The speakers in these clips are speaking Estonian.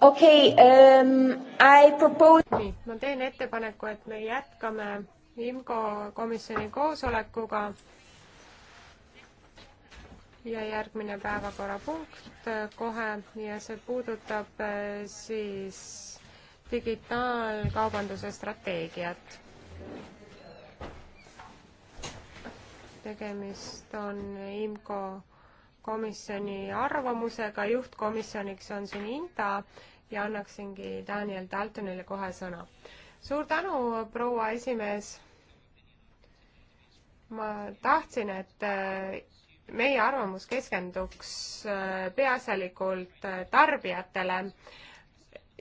okei okay, um,, I propose. nii, ma teen ettepaneku, et me jätkame IMCO komisjoni koosolekuga. ja järgmine päevakorrapunkt äh, kohe ja see puudutab äh, siis digitaalkaubanduse strateegiat. tegemist on IMCO komisjoni arvamusega, juhtkomisjoniks on siin Inta ja annaksingi Daniel Daltonile kohe sõna. suur tänu, proua esimees. ma tahtsin, et äh, meie arvamus keskenduks äh, peaasjalikult äh, tarbijatele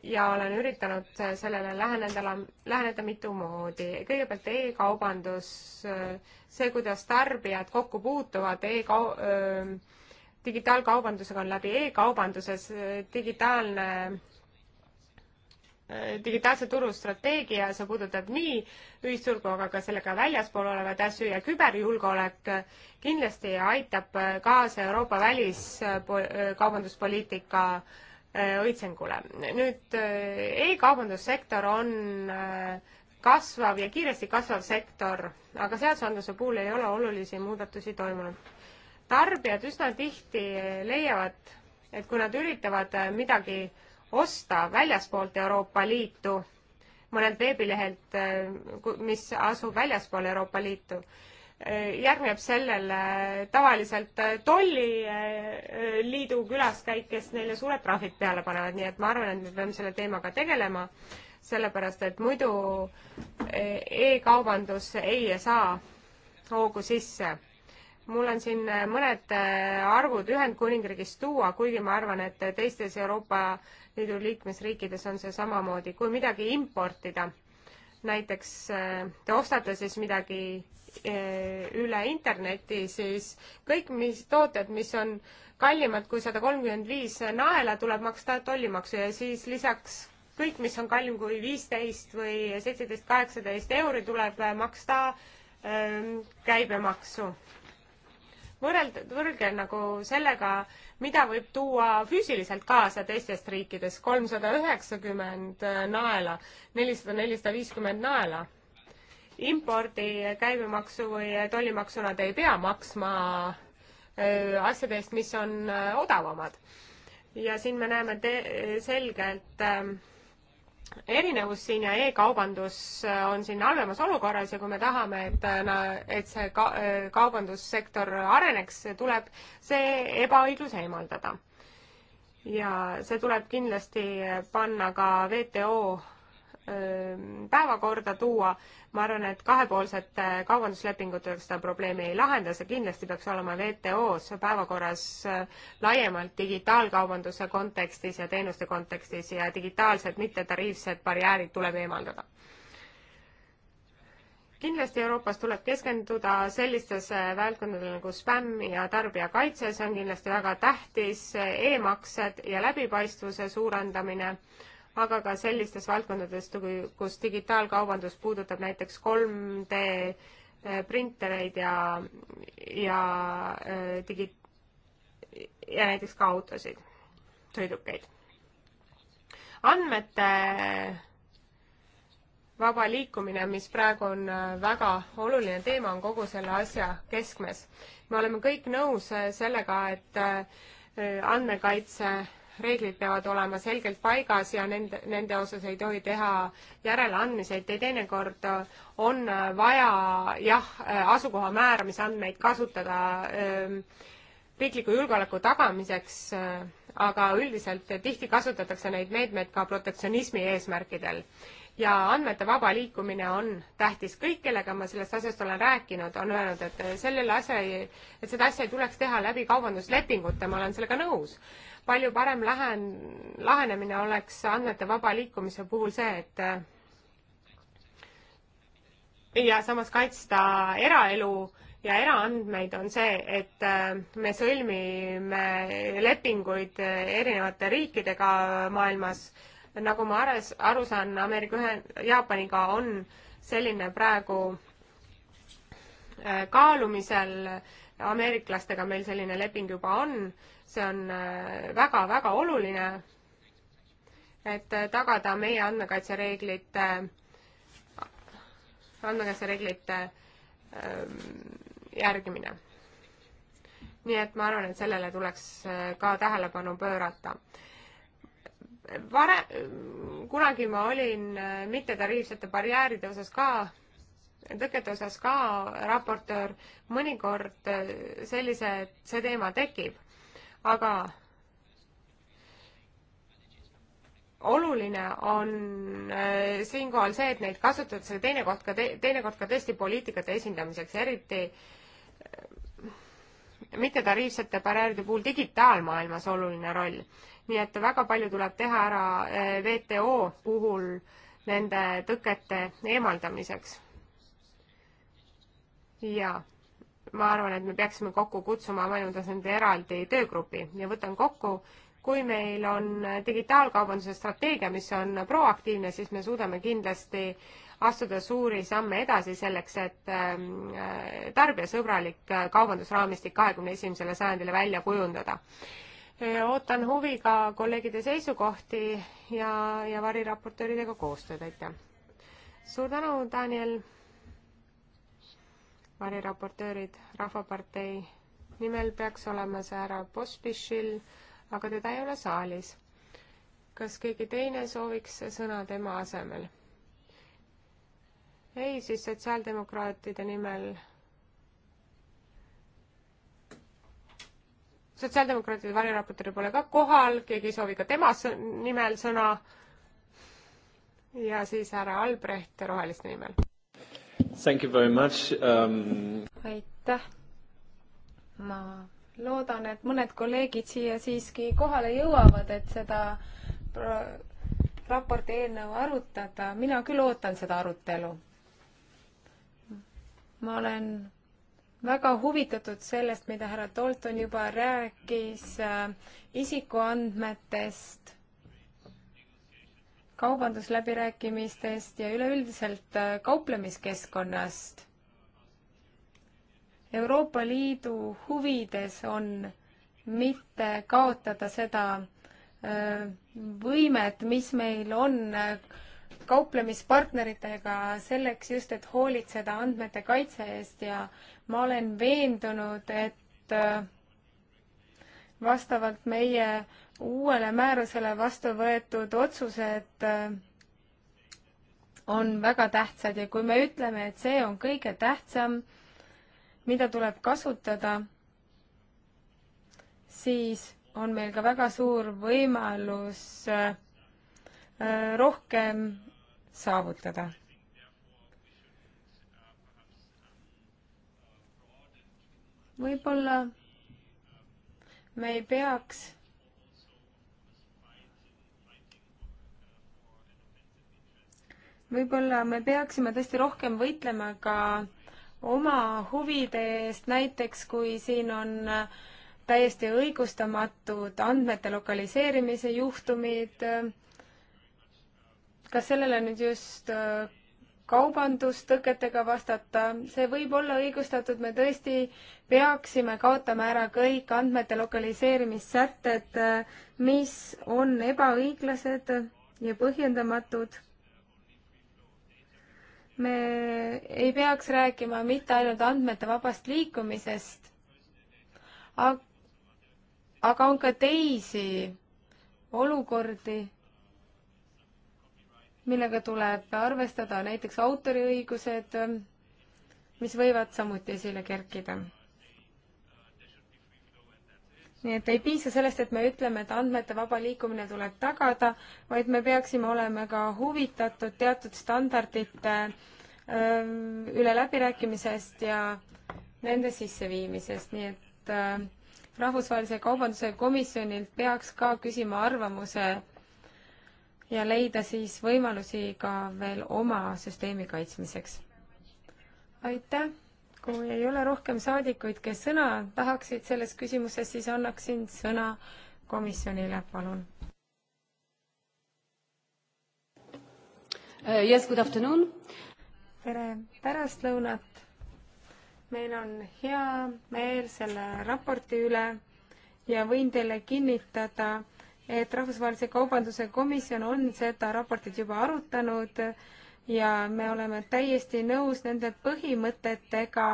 ja olen üritanud sellele läheneda, läheneda mitu moodi. kõigepealt e-kaubandus, see, kuidas tarbijad kokku puutuvad e-kau-, digitaalkaubandusega on läbi e-kaubanduses e, digitaalne e, digitaalse turu strateegia, see puudutab nii ühisturgu, aga ka sellega väljaspool olevaid asju ja küberjulgeolek kindlasti aitab kaasa Euroopa väliskaubanduspoliitika e, õitsengule. nüüd e-kaubandussektor on kasvav ja kiiresti kasvav sektor, aga seadusandluse puhul ei ole olulisi muudatusi toimunud tarbijad üsna tihti leiavad, et kui nad üritavad midagi osta väljaspoolt Euroopa Liitu, mõnelt veebilehelt, mis asub väljaspool Euroopa Liitu, järgneb sellele tavaliselt tolliliidu külaskäik, kes neile suured trahvid peale panevad, nii et ma arvan, et me peame selle teemaga tegelema, sellepärast et muidu e-kaubandus ei saa hoogu sisse mul on siin äh, mõned äh, arvud Ühendkuningriigist tuua, kuigi ma arvan, et teistes Euroopa Liidu liikmesriikides on see samamoodi, kui midagi importida, näiteks äh, te ostate siis midagi üle interneti, siis kõik, mis tooted, mis on kallimad kui sada kolmkümmend viis naela, tuleb maksta tollimaksu ja siis lisaks kõik, mis on kallim kui viisteist või seitseteist, kaheksateist euri, tuleb maksta ähm, käibemaksu võrreld-, võrge nagu sellega, mida võib tuua füüsiliselt kaasa teistest riikidest, kolmsada üheksakümmend äh, naela, nelisada, nelisada viiskümmend naela. impordi äh, käibemaksu või äh, tollimaksu nad ei pea maksma asjade eest, mis on odavamad. ja siin me näeme te-, selgelt äh, erinevus siin ja e-kaubandus äh, on siin halvemas olukorras ja kui me tahame, et, äh, et see ka, äh, kaubandussektor areneks, tuleb see ebaõiglus eemaldada. ja see tuleb kindlasti panna ka WTO päevakorda tuua. ma arvan, et kahepoolsete kaubanduslepingutega seda probleemi ei lahenda, see kindlasti peaks olema WTO-s päevakorras laiemalt digitaalkaubanduse kontekstis ja teenuste kontekstis ja digitaalsed mittetariifsed barjäärid tuleb eemaldada kindlasti Euroopas tuleb keskenduda sellistesse valdkondadele nagu spämm ja tarbijakaitse, see on kindlasti väga tähtis e, e-maksed ja läbipaistvuse suurendamine aga ka sellistes valdkondades, kus digitaalkaubandus puudutab näiteks 3D äh, printereid ja, ja äh, digi- ja näiteks ka autosid, sõidukeid. andmete äh, vaba liikumine, mis praegu on väga oluline teema, on kogu selle asja keskmes. me oleme kõik nõus sellega, et andmekaitse reeglid peavad olema selgelt paigas ja nende, nende osas ei tohi teha järeleandmiseid ja teinekord on vaja jah, asukoha määramise andmeid kasutada öö, ähm, riikliku julgeoleku tagamiseks, äh, aga üldiselt tihti kasutatakse neid meetmeid ka protektsionismi eesmärkidel ja andmete vaba liikumine on tähtis. kõik, kellega ma sellest asjast olen rääkinud, on öelnud, et sellele asja ei, et seda asja ei tuleks teha läbi kaubanduslepingute, ma olen sellega nõus. palju parem lähen, lahenemine oleks andmete vaba liikumise puhul see, et ja samas kaitsta eraelu ja eraandmeid on see, et äh, me sõlmime lepinguid äh, erinevate riikidega maailmas nagu ma ares, aru saan, Ameerika Ühe-, Jaapaniga on selline praegu äh, kaalumisel, ameeriklastega meil selline leping juba on, see on väga-väga äh, oluline, et äh, tagada meie andmekaitsereeglite, andmekaitsereeglite ähm, järgimine. nii et ma arvan, et sellele tuleks ka tähelepanu pöörata varem, kunagi ma olin äh, mittetariifsete barjääride osas ka, tõkete osas ka raportöör, mõnikord äh, sellise, see teema tekib, aga oluline on äh, siinkohal see, et neid kasutatakse teinekord ka te,, teinekord ka tõesti poliitikate esindamiseks, eriti äh, mittetariifsete barjääride puhul digitaalmaailmas oluline roll nii et väga palju tuleb teha ära eh, WTO puhul nende tõkete eemaldamiseks. ja ma arvan, et me peaksime kokku kutsuma mõningades nende eraldi töögrupi ja võtan kokku, kui meil on digitaalkaubanduse strateegia, mis on proaktiivne, siis me suudame kindlasti astuda suuri samme edasi selleks, et ähm, äh, tarbijasõbralik kaubandusraamistik kahekümne esimesele sajandile välja kujundada ootan huviga kolleegide seisukohti ja, ja variraportööridega koostööd, aitäh! suur tänu, Daniel! variraportöörid Rahvapartei nimel peaks olema see härra Pospišil, aga teda ei ole saalis. kas keegi teine sooviks sõna tema asemel? ei, siis sotsiaaldemokraatide nimel sotsiaaldemokraatide variraportööri pole ka kohal, keegi ei soovi ka tema nimel sõna. ja siis härra Albrecht roheliste nimel. Thank you very much um.... aitäh. ma loodan, et mõned kolleegid siia siiski kohale jõuavad, et seda raporti eelnõu arutada, mina küll ootan seda arutelu. ma olen väga huvitatud sellest, mida härra Dalton juba rääkis äh, isikuandmetest, kaubandusläbirääkimistest ja üleüldiselt äh, kauplemiskeskkonnast. Euroopa Liidu huvides on mitte kaotada seda äh, võimet, mis meil on äh, kauplemispartneritega selleks just, et hoolitseda andmete kaitse eest ja ma olen veendunud, et äh, vastavalt meie uuele määrusele vastu võetud otsused äh, on väga tähtsad ja kui me ütleme, et see on kõige tähtsam, mida tuleb kasutada, siis on meil ka väga suur võimalus äh, Äh, rohkem saavutada. võib-olla me ei peaks võib-olla me peaksime tõesti rohkem võitlema ka oma huvide eest, näiteks kui siin on täiesti õigustamatud andmete lokaliseerimise juhtumid, kas sellele nüüd just äh, kaubandustõketega vastata, see võib olla õigustatud, me tõesti peaksime kaotama ära kõik andmete lokaliseerimissätted, äh, mis on ebaõiglased ja põhjendamatud. me ei peaks rääkima mitte ainult andmete vabast liikumisest, aga on ka teisi olukordi millega tuleb arvestada, näiteks autoriõigused, mis võivad samuti esile kerkida. nii et ei piisa sellest, et me ütleme, et andmete vaba liikumine tuleb tagada, vaid me peaksime olema ka huvitatud teatud standardite üle läbirääkimisest ja nende sisseviimisest, nii et rahvusvahelise kaubanduse komisjonilt peaks ka küsima arvamuse ja leida siis võimalusi ka veel oma süsteemi kaitsmiseks. aitäh! kui ei ole rohkem saadikuid, kes sõna tahaksid selles küsimuses, siis annaksin sõna komisjonile, palun. Uh, yes, good afternoon! tere pärastlõunat! meil on hea meel selle raporti üle ja võin teile kinnitada, et Rahvusvahelise Kaubanduse Komisjon on seda raportit juba arutanud ja me oleme täiesti nõus nende põhimõtetega,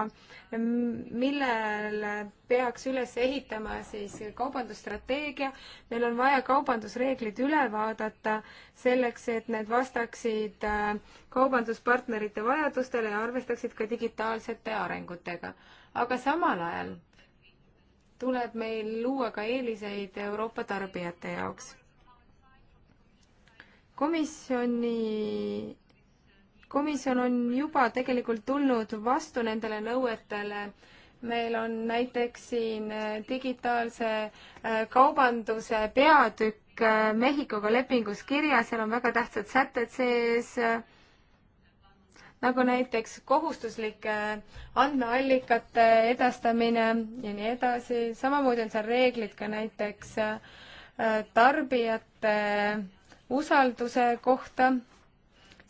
millele peaks üles ehitama siis kaubandusstrateegia. meil on vaja kaubandusreeglid üle vaadata selleks, et need vastaksid äh, kaubanduspartnerite vajadustele ja arvestaksid ka digitaalsete arengutega. aga samal ajal tuleb meil luua ka eeliseid Euroopa tarbijate jaoks. komisjoni, komisjon on juba tegelikult tulnud vastu nendele nõuetele, meil on näiteks siin äh, digitaalse äh, kaubanduse peatükk äh, Mehhikoga lepingus kirjas, seal on väga tähtsad sätted sees, nagu näiteks kohustuslike andmeallikate edastamine ja nii edasi, samamoodi on seal reeglid ka näiteks äh, tarbijate usalduse kohta,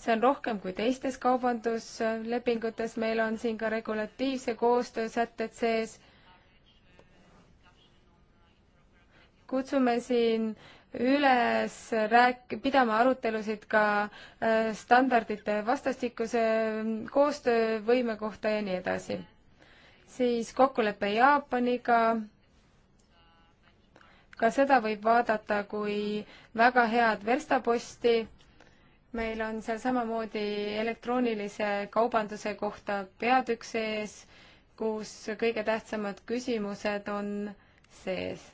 see on rohkem kui teistes kaubanduslepingutes, meil on siin ka regulatiivse koostöö sätted sees, kutsume siin äh, üles rääk-, pidama arutelusid ka äh, standardite vastastikuse mm, koostöövõime kohta ja nii edasi. siis kokkulepe Jaapaniga, ka seda võib vaadata kui väga head verstaposti, meil on seal samamoodi elektroonilise kaubanduse kohta peatükk sees, kus kõige tähtsamad küsimused on sees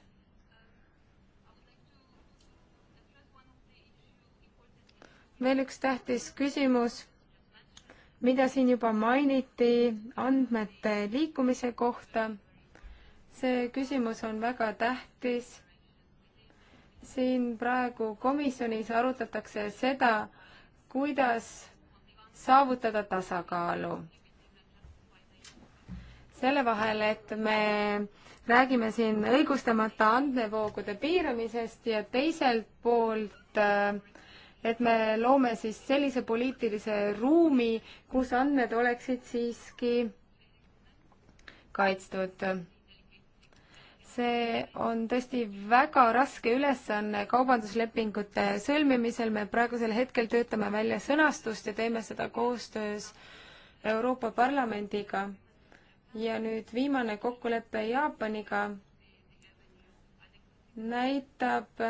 veel üks tähtis küsimus, mida siin juba mainiti andmete liikumise kohta. see küsimus on väga tähtis. siin praegu komisjonis arutatakse seda, kuidas saavutada tasakaalu selle vahel, et me räägime siin õigustamata andmevoogude piiramisest ja teiselt poolt äh, et me loome siis sellise poliitilise ruumi, kus andmed oleksid siiski kaitstud. see on tõesti väga raske ülesanne kaubanduslepingute sõlmimisel, me praegusel hetkel töötame välja sõnastust ja teeme seda koostöös Euroopa Parlamendiga. ja nüüd viimane kokkulepe Jaapaniga näitab,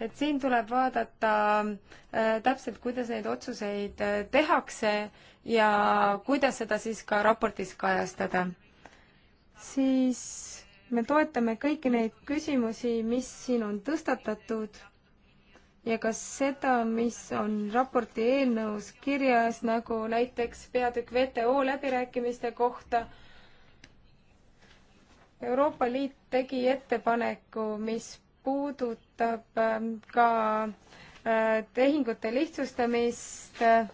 et siin tuleb vaadata äh, täpselt, kuidas neid otsuseid äh, tehakse ja kuidas seda siis ka raportis kajastada. siis me toetame kõiki neid küsimusi, mis siin on tõstatatud ja ka seda, mis on raporti eelnõus kirjas, nagu näiteks peatükk WTO läbirääkimiste kohta Euroopa Liit tegi ettepaneku, mis puudutab ähm, ka äh, tehingute lihtsustamist. Äh,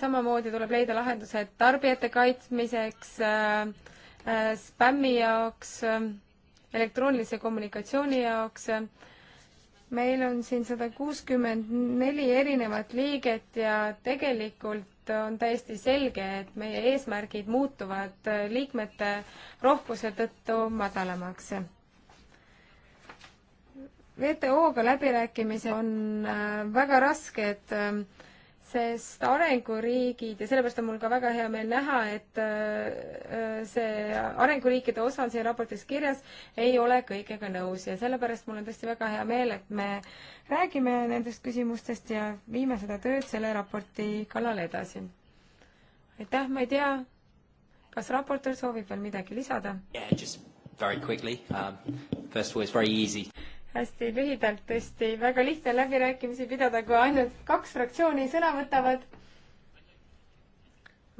samamoodi tuleb leida lahendused tarbijate kaitsmiseks, äh, spämmi jaoks, elektroonilise kommunikatsiooni jaoks. meil on siin sada kuuskümmend neli erinevat liiget ja tegelikult on täiesti selge, et meie eesmärgid muutuvad liikmete rohkuse tõttu madalamaks WTO-ga läbirääkimised on äh, väga rasked, ähm, sest arenguriigid ja sellepärast on mul ka väga hea meel näha, et äh, äh, see arenguriikide osa on siin raportis kirjas, ei ole kõigega nõus ja sellepärast mul on tõesti väga hea meel, et me räägime nendest küsimustest ja viime seda tööd selle raporti kallal edasi. aitäh, ma ei tea, kas raportöör soovib veel midagi lisada yeah,? Very quickly um,. First of all, it's very easy hästi lühidalt tõesti, väga lihtne läbirääkimisi pidada, kui ainult kaks fraktsiooni sõna võtavad.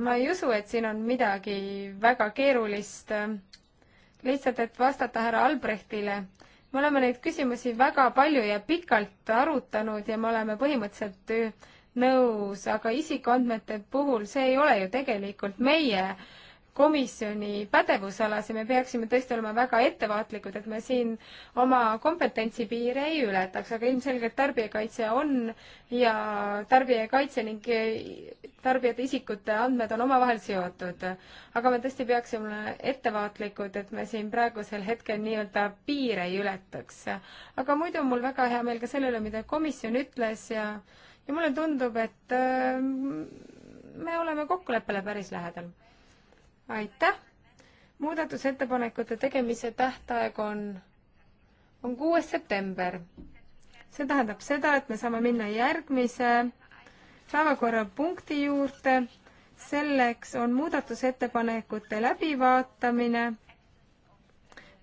ma ei usu, et siin on midagi väga keerulist. lihtsalt, et vastata härra Albrechtile, me oleme neid küsimusi väga palju ja pikalt arutanud ja me oleme põhimõtteliselt nõus, aga isikuandmete puhul see ei ole ju tegelikult meie äh, komisjoni pädevusalas ja me peaksime tõesti olema väga ettevaatlikud, et me siin oma kompetentsi piire ei ületaks, aga ilmselgelt tarbijakaitse on ja tarbijakaitse ning tarbijate isikute andmed on omavahel seotud. aga me tõesti peaksime olema ettevaatlikud, et me siin praegusel hetkel nii-öelda piire ei ületaks. aga muidu on mul väga hea meel ka selle üle, mida komisjon ütles ja ja mulle tundub, et äh, me oleme kokkuleppele päris lähedal aitäh! muudatusettepanekute tegemise tähtaeg on, on kuues september. see tähendab seda, et me saame minna järgmise päevakorrapunkti juurde. selleks on muudatusettepanekute läbivaatamine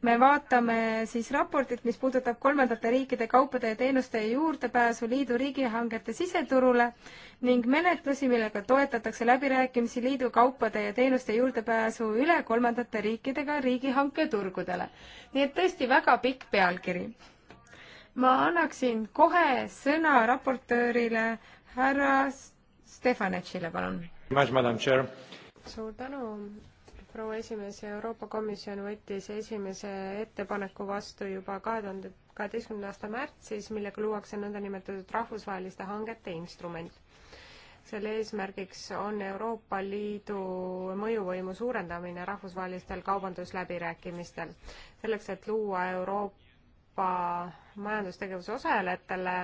me vaatame siis raportit, mis puudutab kolmandate riikide kaupade ja teenuste juurdepääsu liidu riigihangete siseturule ning menetlusi, millega toetatakse läbirääkimisi liidu kaupade ja teenuste juurdepääsu üle kolmandate riikidega riigihanketurgudele. nii et tõesti väga pikk pealkiri. ma annaksin kohe sõna raportöörile härra Stefanetšile, palun. suur tänu, proua esimees, Euroopa Komisjon võttis esimese ettepaneku vastu juba kahe tuhande kaheteistkümnenda aasta märtsis, millega luuakse nõndanimetatud rahvusvaheliste hangete instrument. selle eesmärgiks on Euroopa Liidu mõjuvõimu suurendamine rahvusvahelistel kaubandusläbirääkimistel, selleks et luua Euroopa majandustegevuse osalejatele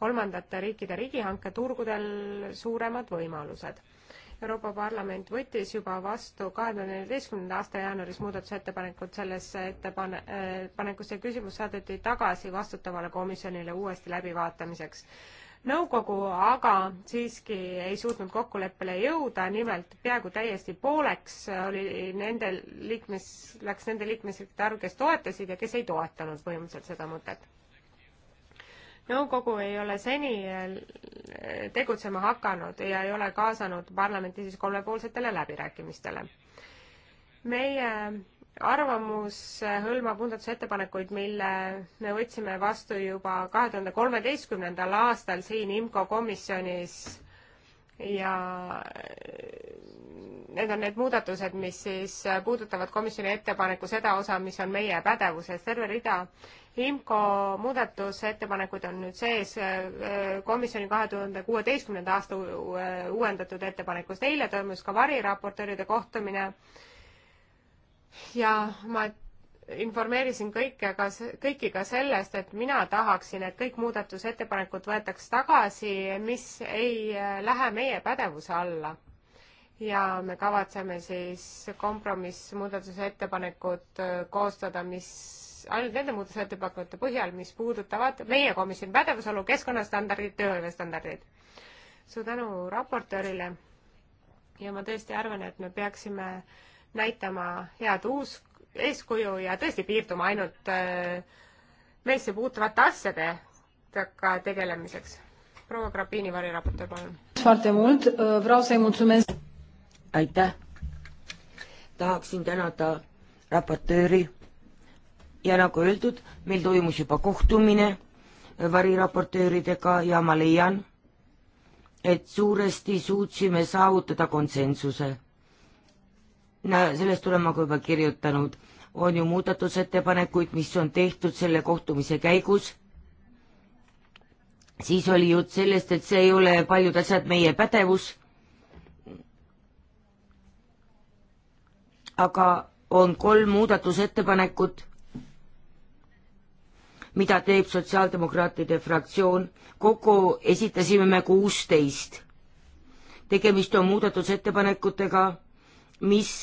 kolmandate riikide riigihanketurgudel suuremad võimalused Euroopa Parlament võttis juba vastu kahe tuhande neljateistkümnenda aasta jaanuaris muudatusettepanekud sellesse ettepanekusse ja küsimus saadeti tagasi vastutavale komisjonile uuesti läbivaatamiseks. nõukogu aga siiski ei suutnud kokkuleppele jõuda, nimelt peaaegu täiesti pooleks oli nendel liikmes, läks nende liikmesriikide arv, kes toetasid ja kes ei toetanud põhimõtteliselt seda mõtet nõukogu ei ole seni eh, tegutsema hakanud ja ei ole kaasanud parlamenti siis kolmepoolsetele läbirääkimistele. meie arvamus hõlmab muudatusettepanekuid, mille me võtsime vastu juba kahe tuhande kolmeteistkümnendal aastal siin IMCO komisjonis ja need on need muudatused, mis siis puudutavad komisjoni ettepaneku seda osa, mis on meie pädevuses, terve rida IMCO muudatusettepanekud on nüüd sees äh, komisjoni kahe tuhande kuueteistkümnenda aasta uuendatud ettepanekust. eile toimus ka variraportööride kohtumine ja ma informeerisin kõike ka, kõiki ka sellest, et mina tahaksin, et kõik muudatusettepanekud võetaks tagasi, mis ei äh, lähe meie pädevuse alla ja me kavatseme siis kompromissmuudatuse ettepanekud äh, koostada, mis ainult nende muudatusettepanekute põhjal, mis puudutavad meie komisjoni pädevusolu, keskkonnastandardid, tööhõivestandardid. suur tänu raportöörile ja ma tõesti arvan, et me peaksime näitama head uus eeskuju ja tõesti piirduma ainult äh, meisse puutuvate asjadega tegelemiseks. proua Grapini variraportöör, palun aitäh! tahaksin tänada raportööri ja nagu öeldud, meil toimus juba kohtumine variraportööridega ja ma leian, et suuresti suutsime saavutada konsensuse. sellest olen ma ka juba kirjutanud, on ju muudatusettepanekuid, mis on tehtud selle kohtumise käigus, siis oli jutt sellest, et see ei ole paljud asjad meie pädevus aga on kolm muudatusettepanekut, mida teeb Sotsiaaldemokraatide fraktsioon. kokku esitasime me kuusteist. tegemist on muudatusettepanekutega, mis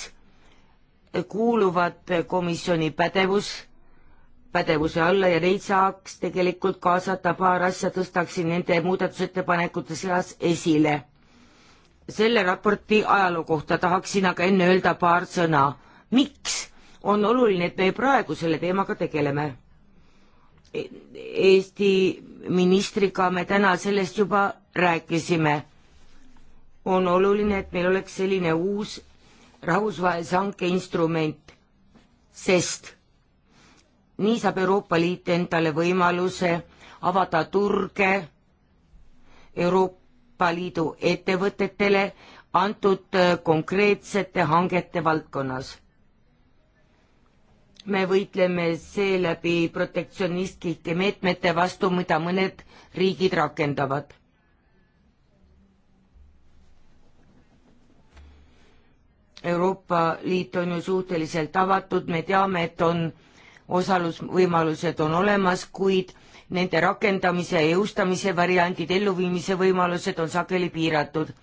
kuuluvad komisjoni pädevus, pädevuse alla ja neid saaks tegelikult kaasata, paar asja tõstaksin nende muudatusettepanekute seas esile selle raporti ajaloo kohta tahaksin aga enne öelda paar sõna. miks on oluline, et me praegu selle teemaga tegeleme? E-, Eesti ministriga me täna sellest juba rääkisime. on oluline, et meil oleks selline uus rahvusvahelise hanke instrument, sest nii saab Euroopa Liit endale võimaluse avada turge Euroopa Euroopa Liidu ettevõtetele antud äh, konkreetsete hangete valdkonnas. me võitleme seeläbi protektsionistlike meetmete vastu, mida mõned riigid rakendavad. Euroopa Liit on ju suhteliselt avatud, me teame, et on osalusvõimalused on olemas, kuid nende rakendamise ja jõustamise variandid, elluviimise võimalused on sageli piiratud.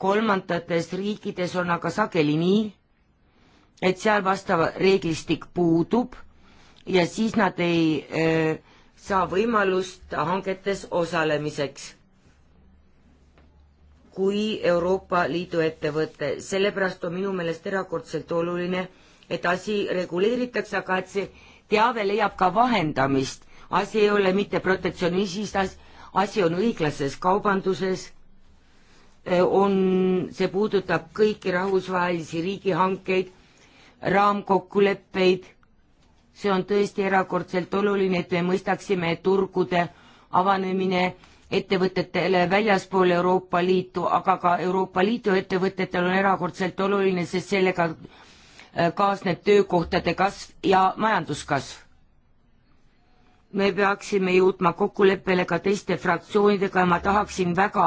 kolmandates riikides on aga sageli nii, et seal vastav reeglistik puudub ja siis nad ei öö, äh, saa võimalust hangetes osalemiseks kui Euroopa Liidu ettevõte. sellepärast on minu meelest erakordselt oluline, et asi reguleeritakse, aga et see teave leiab ka vahendamist asi ei ole mitte protektsionismis, asi on õiglases kaubanduses, äh, on, see puudutab kõiki rahvusvahelisi riigihankeid, raamkokkuleppeid, see on tõesti erakordselt oluline, et me mõistaksime, et turgude avanemine ettevõtetele väljaspool Euroopa Liitu, aga ka Euroopa Liidu ettevõtetel on erakordselt oluline, sest sellega äh, kaasneb töökohtade kasv ja majanduskasv me peaksime jõudma kokkuleppele ka teiste fraktsioonidega ja ma tahaksin väga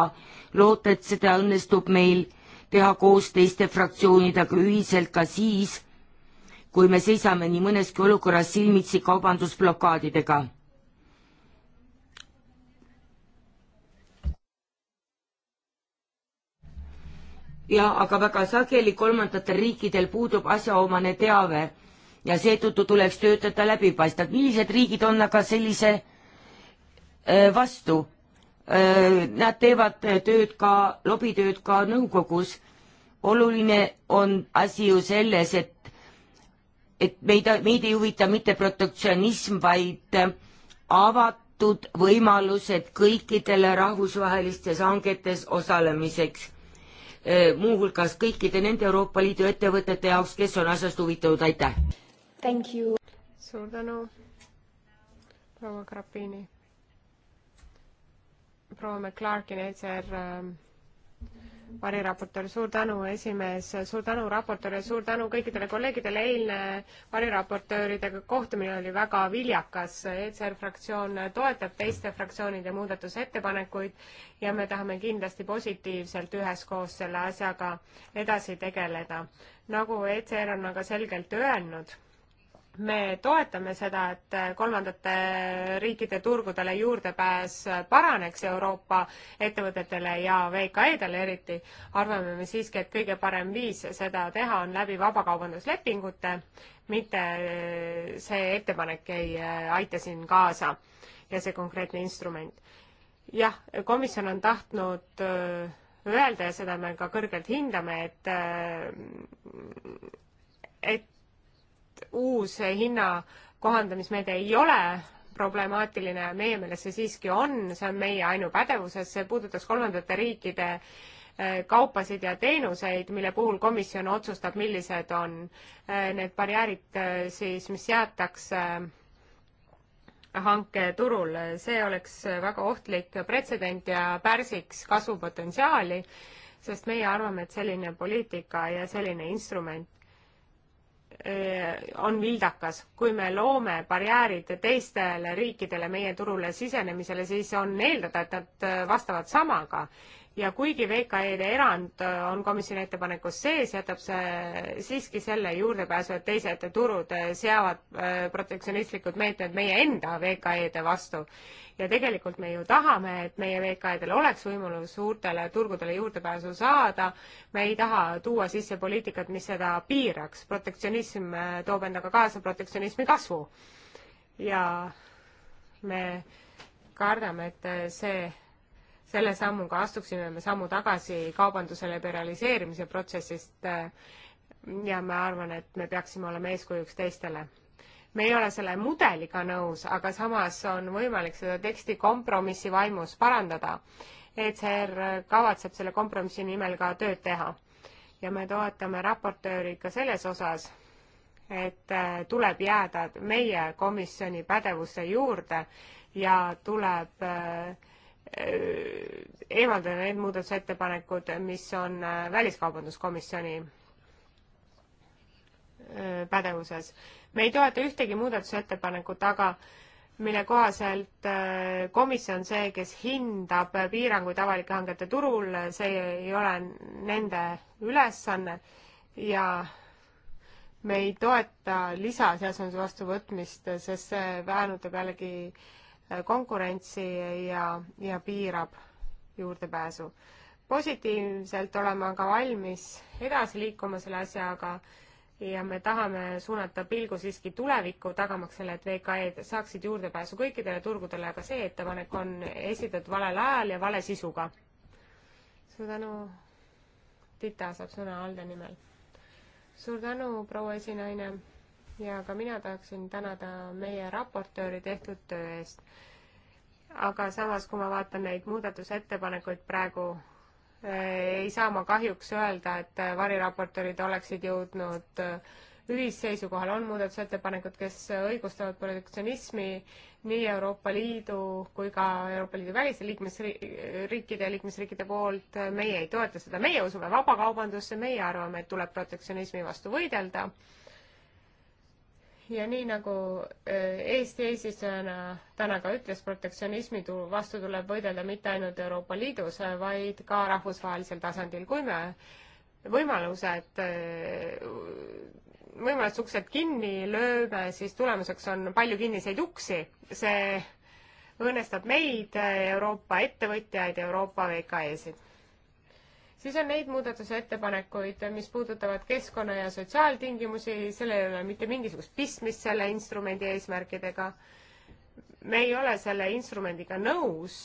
loota, et seda õnnestub meil teha koos teiste fraktsioonidega ühiselt ka siis, kui me seisame nii mõneski olukorras silmitsi kaubandusblokaadidega. ja aga väga sageli kolmandatel riikidel puudub asjaomane teave ja seetõttu tuleks töötada läbipaistvalt. millised riigid on aga sellise äh, vastu? Äh, nad teevad tööd ka, lobitööd ka nõukogus. oluline on asi ju selles, et et meid, meid ei huvita mitte protektsionism, vaid äh, avatud võimalused kõikidele rahvusvahelistes hangetes osalemiseks. muuhulgas kõikide nende Euroopa Liidu ettevõtete jaoks, kes on asjast huvitatud, aitäh! Thank you. suur tänu, proua Krapini. proua McClarkini, ECR ähm, variraportöör, suur tänu, esimees, suur tänu, raportöör ja suur tänu kõikidele kolleegidele, eilne variraportööridega kohtumine oli väga viljakas, ECR fraktsioon toetab teiste fraktsioonide muudatusettepanekuid ja me tahame kindlasti positiivselt üheskoos selle asjaga edasi tegeleda. nagu ECR on aga selgelt öelnud, me toetame seda, et kolmandate riikide turgudele juurdepääs paraneks Euroopa ettevõtetele ja VKE-dele eriti, arvame me siiski, et kõige parem viis seda teha on läbi vabakaubanduslepingute, mitte see ettepanek ei aita siin kaasa ja see konkreetne instrument. jah, komisjon on tahtnud äh, öelda ja seda me ka kõrgelt hindame, et äh, et uus hinna kohandamismeede ei ole problemaatiline, meie meelest see siiski on, see on meie ainupädevuses, see puudutas kolmandate riikide äh, kaupasid ja teenuseid, mille puhul komisjon otsustab, millised on äh, need barjäärid äh, siis, mis seatakse hanketurul, see oleks väga ohtlik pretsedent ja pärsiks kasvupotentsiaali, sest meie arvame, et selline poliitika ja selline instrument Eh, on vildakas. kui me loome barjäärid teistele riikidele meie turule sisenemisele, siis on eeldada, et nad eh, vastavad samaga ja kuigi VKE-de erand äh, on komisjoni ettepanekus sees, jätab see siiski selle juurdepääsu, et teised turud äh, seavad äh, protektsionistlikud meetmed meie enda VKE-de vastu. ja tegelikult me ju tahame, et meie VKE-del oleks võimalus uutele turgudele juurdepääsu saada, me ei taha tuua sisse poliitikat, mis seda piiraks, protektsionism toob endaga kaasa protektsionismi kasvu. ja me kardame, et see selle sammuga astuksime me sammu tagasi kaubanduse liberaliseerimise protsessist äh, ja ma arvan, et me peaksime olema eeskujuks teistele. me ei ole selle mudeliga nõus, aga samas on võimalik seda teksti kompromissi vaimus parandada. ECR kavatseb selle kompromissi nimel ka tööd teha ja me toetame raportööri ka selles osas, et äh, tuleb jääda meie komisjoni pädevuste juurde ja tuleb äh, Äh, eemaldada need muudatusettepanekud, mis on äh, Väliskaubanduskomisjoni äh, pädevuses. me ei toeta ühtegi muudatusettepanekut, aga mille kohaselt komisjon see, kes hindab piiranguid avalike hangete turul, see ei ole nende ülesanne ja me ei toeta lisa seadusandluse vastuvõtmist, sest see väänutab jällegi äh, konkurentsi ja, ja piirab juurdepääsu. positiivselt oleme aga valmis edasi liikuma selle asjaga ja me tahame suunata pilgu siiski tulevikku, tagamaks selle, et VKE-d saaksid juurdepääsu kõikidele turgudele, aga see ettepanek on esitatud valel ajal ja vale sisuga. suur tänu. Tita saab sõna Alde nimel. suur tänu, proua esinaine ja ka mina tahaksin tänada meie raportööri tehtud töö eest. aga samas, kui ma vaatan neid muudatusettepanekuid praegu, eh, ei saa ma kahjuks öelda, et variraportöörid oleksid jõudnud eh, ühisseisukohal, on muudatusettepanekud, kes õigustavad protektsionismi nii Euroopa Liidu kui ka Euroopa Liidu väliste liikmesriikide ja liikmesriikide poolt, meie ei toeta seda, meie usume vabakaubandusse, meie arvame, et tuleb protektsionismi vastu võidelda ja nii nagu äh, Eesti eesistujana täna ka ütles, protektsionismi vastu tuleb võidelda mitte ainult Euroopa Liidus, vaid ka rahvusvahelisel tasandil. kui me võimalused, äh, võimalused uksed kinni lööme, siis tulemuseks on palju kinniseid uksi. see õõnestab meid, Euroopa ettevõtjaid, Euroopa VKE-sid siis on neid muudatusettepanekuid, mis puudutavad keskkonna ja sotsiaaltingimusi, sellel ei ole mitte mingisugust pistmist selle instrumendi eesmärkidega. me ei ole selle instrumendiga nõus,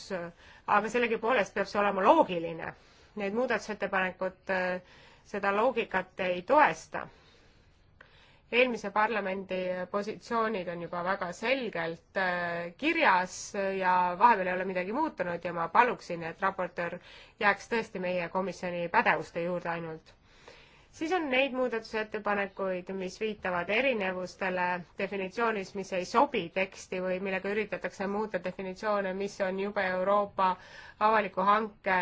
aga sellegipoolest peab see olema loogiline. Need muudatusettepanekud äh, seda loogikat ei toesta eelmise parlamendi positsioonid on juba väga selgelt äh, kirjas ja vahepeal ei ole midagi muutunud ja ma paluksin, et raportöör jääks tõesti meie komisjoni pädevuste juurde ainult. siis on neid muudatusettepanekuid, mis viitavad erinevustele definitsioonis, mis ei sobi teksti või millega üritatakse muuta definitsioone, mis on juba Euroopa avaliku hanke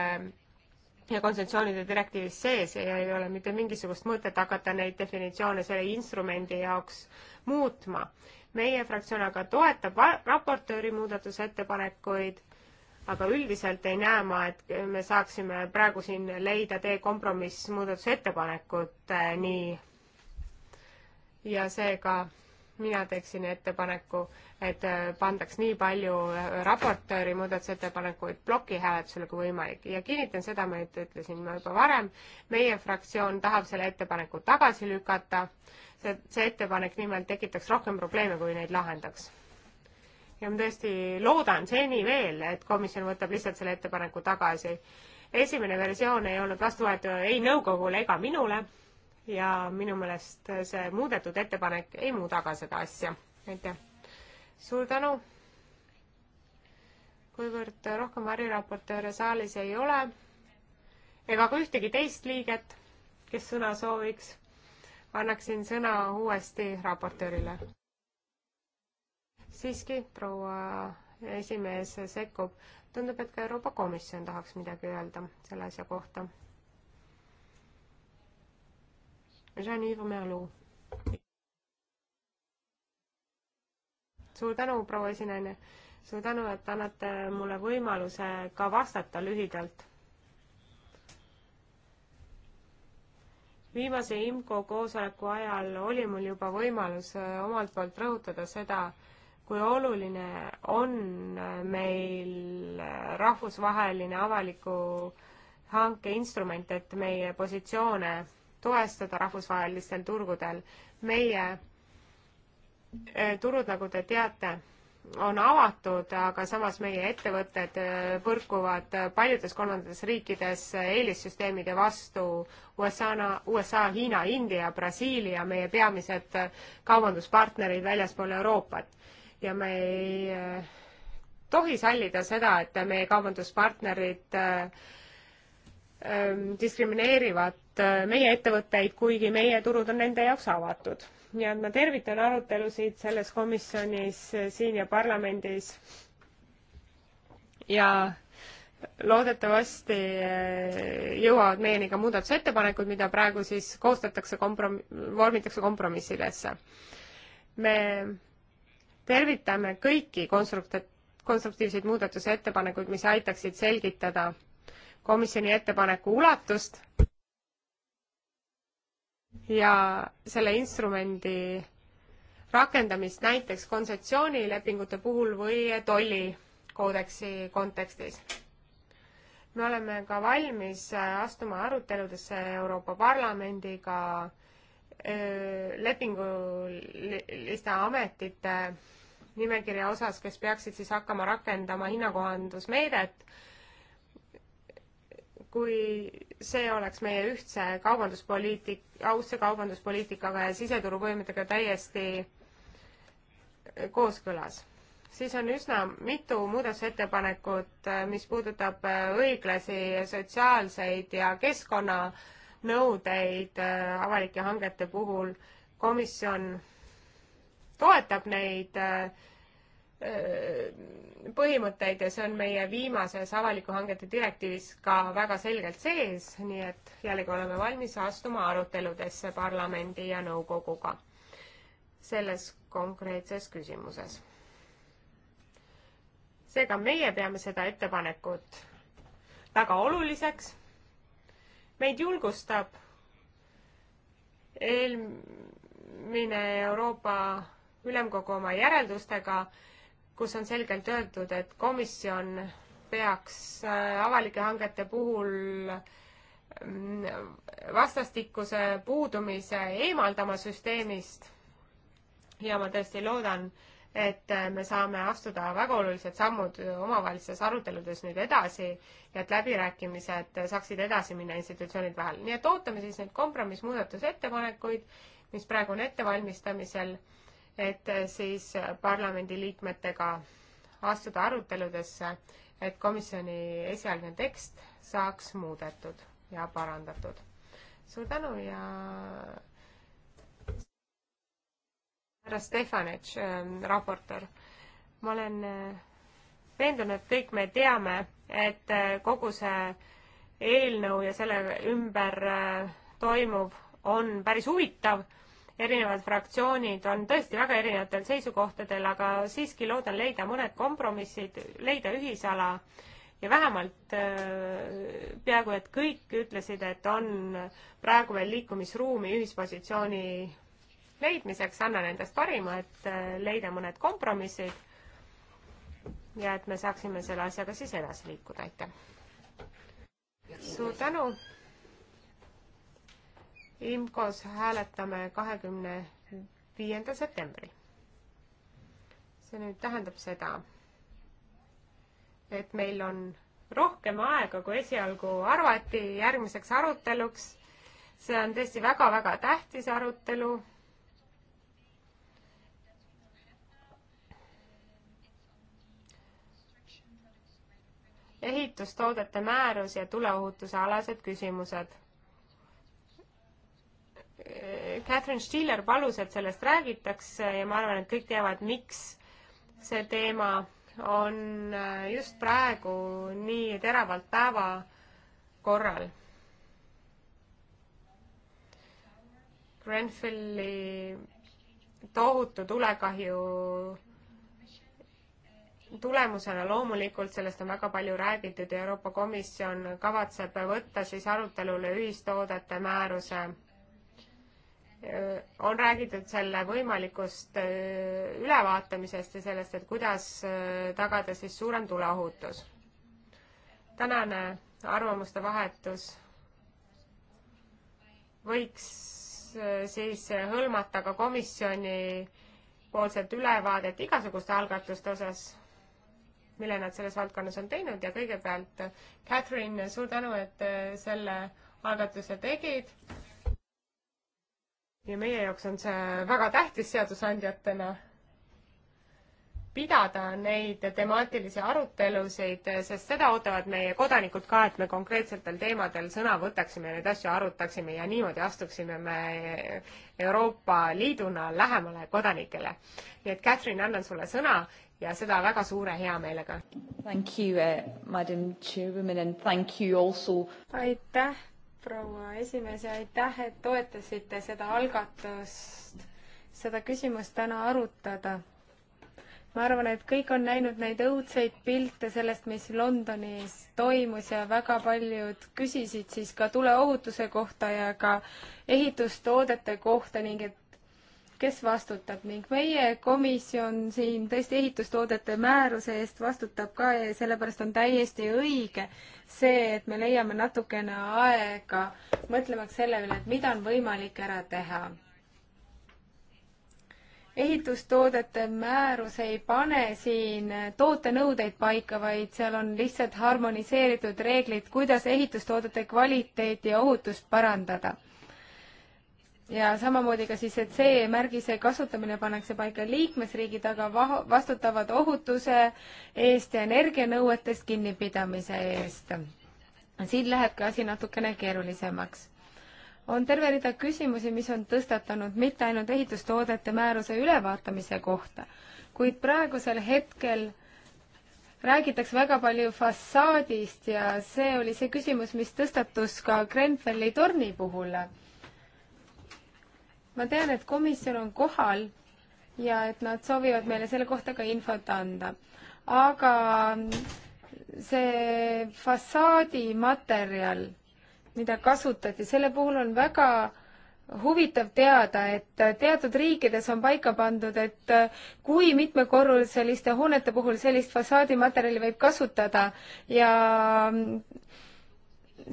ja kontsessioonide direktiivis sees ja ei ole mitte mingisugust mõtet hakata neid definitsioone selle instrumendi jaoks muutma. meie fraktsioon aga toetab raportööri muudatusettepanekuid, aga üldiselt ei näe ma, et me saaksime praegu siin leida tee kompromiss muudatusettepanekuteni äh, ja seega mina teeksin ettepaneku, et äh, pandaks nii palju äh, raportööri muudatusettepanekuid plokihääletusele kui võimalik ja kinnitan seda, ma ütlesin ma juba varem, meie fraktsioon tahab selle ettepaneku tagasi lükata, see, see ettepanek nimelt tekitaks rohkem probleeme, kui neid lahendaks. ja ma tõesti loodan seni veel, et komisjon võtab lihtsalt selle ettepaneku tagasi. esimene versioon ei olnud vastuvõetav ei nõukogule ega minule ja minu meelest see muudetud ettepanek ei muuda ka seda asja. aitäh! suur tänu! kuivõrd rohkem variraportööre saalis ei ole ega ka ühtegi teist liiget, kes sõna sooviks, annaksin sõna uuesti raportöörile. siiski, proua esimees sekkub. tundub, et ka Euroopa Komisjon tahaks midagi öelda selle asja kohta Jean-Yves Merlot. suur tänu, proua esinaine. suur tänu, et annate mulle võimaluse ka vastata lühidalt. viimase IMCO koosoleku ajal oli mul juba võimalus äh, omalt poolt rõhutada seda, kui oluline on äh, meil äh, rahvusvaheline avaliku hanke instrument, et meie positsioone toestada rahvusvahelistel turgudel. meie äh, turud, nagu te teate, on avatud, aga samas meie ettevõtted äh, põrkuvad äh, paljudes kolmandates riikides eelissüsteemide vastu USA, USA, Hiina, India, Brasiilia, meie peamised kaubanduspartnerid väljaspool Euroopat. ja me ei tohi sallida seda, et meie kaubanduspartnerid ähm, diskrimineerivad Äh, meie ettevõtteid, kuigi meie turud on nende jaoks avatud. nii et ma tervitan arutelusid selles komisjonis äh, siin ja parlamendis. ja loodetavasti äh, jõuavad meieni ka muudatusettepanekud, mida praegu siis koostatakse komprom-, vormitakse kompromissidesse. me tervitame kõiki konstrukti-, konstruktiivseid muudatusettepanekuid, mis aitaksid selgitada komisjoni ettepaneku ulatust ja selle instrumendi rakendamist näiteks kontsessioonilepingute puhul või tollikoodeksi kontekstis. me oleme ka valmis astuma aruteludesse Euroopa Parlamendiga lepinguliste ametite nimekirja osas, kes peaksid siis hakkama rakendama hinnakohandusmeedet kui see oleks meie ühtse kaubanduspoliitik, ausse kaubanduspoliitikaga ja siseturupõhimõttega täiesti kooskõlas. siis on üsna mitu muudatusettepanekut, mis puudutab õiglasi sotsiaalseid ja keskkonnanõudeid äh, avalike hangete puhul. komisjon toetab neid äh, põhimõtteid ja see on meie viimases avaliku hangete direktiivis ka väga selgelt sees, nii et jällegi oleme valmis astuma aruteludesse parlamendi ja nõukoguga selles konkreetses küsimuses. seega meie peame seda ettepanekut väga oluliseks. meid julgustab eelmine Euroopa Ülemkogu oma järeldustega kus on selgelt öeldud, et komisjon peaks äh, avalike hangete puhul mm, vastastikuse puudumise eemaldama süsteemist. ja ma tõesti loodan, et äh, me saame astuda väga olulised sammud omavahelistes aruteludes nüüd edasi ja et läbirääkimised saaksid edasi minna institutsioonide vahel. nii et ootame siis neid kompromissmuudatusettepanekuid, mis praegu on ettevalmistamisel et eh, siis eh, parlamendiliikmetega astuda aruteludesse, et komisjoni esialgne tekst saaks muudetud ja parandatud. suur tänu ja härra Stefanitš äh,, raportöör, ma olen veendunud, kõik me teame, et kogu see eelnõu ja selle ümber toimuv on päris huvitav erinevad fraktsioonid on tõesti väga erinevatel seisukohtadel, aga siiski loodan leida mõned kompromissid, leida ühisala ja vähemalt äh, peaaegu et kõik ütlesid, et on praegu veel liikumisruumi ühispositsiooni leidmiseks, annan endast parima, et äh, leida mõned kompromissid ja et me saaksime selle asjaga siis edasi liikuda, aitäh! suur tänu! IMCO-s hääletame kahekümne viienda septembri. see nüüd tähendab seda, et meil on rohkem aega, kui esialgu arvati järgmiseks aruteluks. see on tõesti väga-väga tähtis arutelu. ehitustoodete määrus ja tuleohutuse alased küsimused Catherine Stiller palus, et sellest räägitakse ja ma arvan, et kõik teavad, miks see teema on just praegu nii teravalt päevakorral. Grenfelli tohutu tulekahju tulemusena loomulikult sellest on väga palju räägitud ja Euroopa Komisjon kavatseb võtta siis arutelule ühistoodete määruse Äh, on räägitud selle võimalikust äh, ülevaatamisest ja sellest, et kuidas äh, tagada siis suurem tuleohutus. tänane arvamuste vahetus võiks siis hõlmata ka komisjoni poolset ülevaadet igasuguste algatuste osas, mille nad selles valdkonnas on teinud ja kõigepealt Catherine, suur tänu, et selle algatuse tegid ja meie jaoks on see väga tähtis seadusandjatena, pidada neid temaatilisi arutelusid, sest seda ootavad meie kodanikud ka, et me konkreetsetel teemadel sõna võtaksime, neid asju arutaksime ja niimoodi astuksime me Euroopa Liiduna lähemale kodanikele. nii et Catherine, annan sulle sõna ja seda väga suure heameelega. Thank you uh,, madam chairwoman and thank you also. aitäh proua esimees ja aitäh, et toetasite seda algatust, seda küsimust täna arutada. ma arvan, et kõik on näinud neid õudseid pilte sellest, mis Londonis toimus ja väga paljud küsisid siis ka tuleohutuse kohta ja ka ehitustoodete kohta ning et kes vastutab ning meie komisjon siin tõesti ehitustoodete määruse eest vastutab ka ja sellepärast on täiesti õige see, et me leiame natukene aega mõtlemaks selle üle, et mida on võimalik ära teha. ehitustoodete määrus ei pane siin tootenõudeid paika, vaid seal on lihtsalt harmoniseeritud reeglid, kuidas ehitustoodete kvaliteeti ja ohutust parandada ja samamoodi ka siis, et see märgise kasutamine pannakse paika liikmesriigid, aga va-, vastutavad ohutuse eest ja energianõuetest kinnipidamise eest. siin läheb ka asi natukene keerulisemaks on terve rida küsimusi, mis on tõstatanud mitte ainult ehitustoodete määruse ülevaatamise kohta, kuid praegusel hetkel räägitakse väga palju fassaadist ja see oli see küsimus, mis tõstatus ka Grenfelli torni puhul ma tean, et komisjon on kohal ja et nad soovivad meile selle kohta ka infot anda. aga see fassaadimaterjal, mida kasutati, selle puhul on väga huvitav teada, et teatud riikides on paika pandud, et kui mitmekorruseliste hoonete puhul sellist fassaadimaterjali võib kasutada ja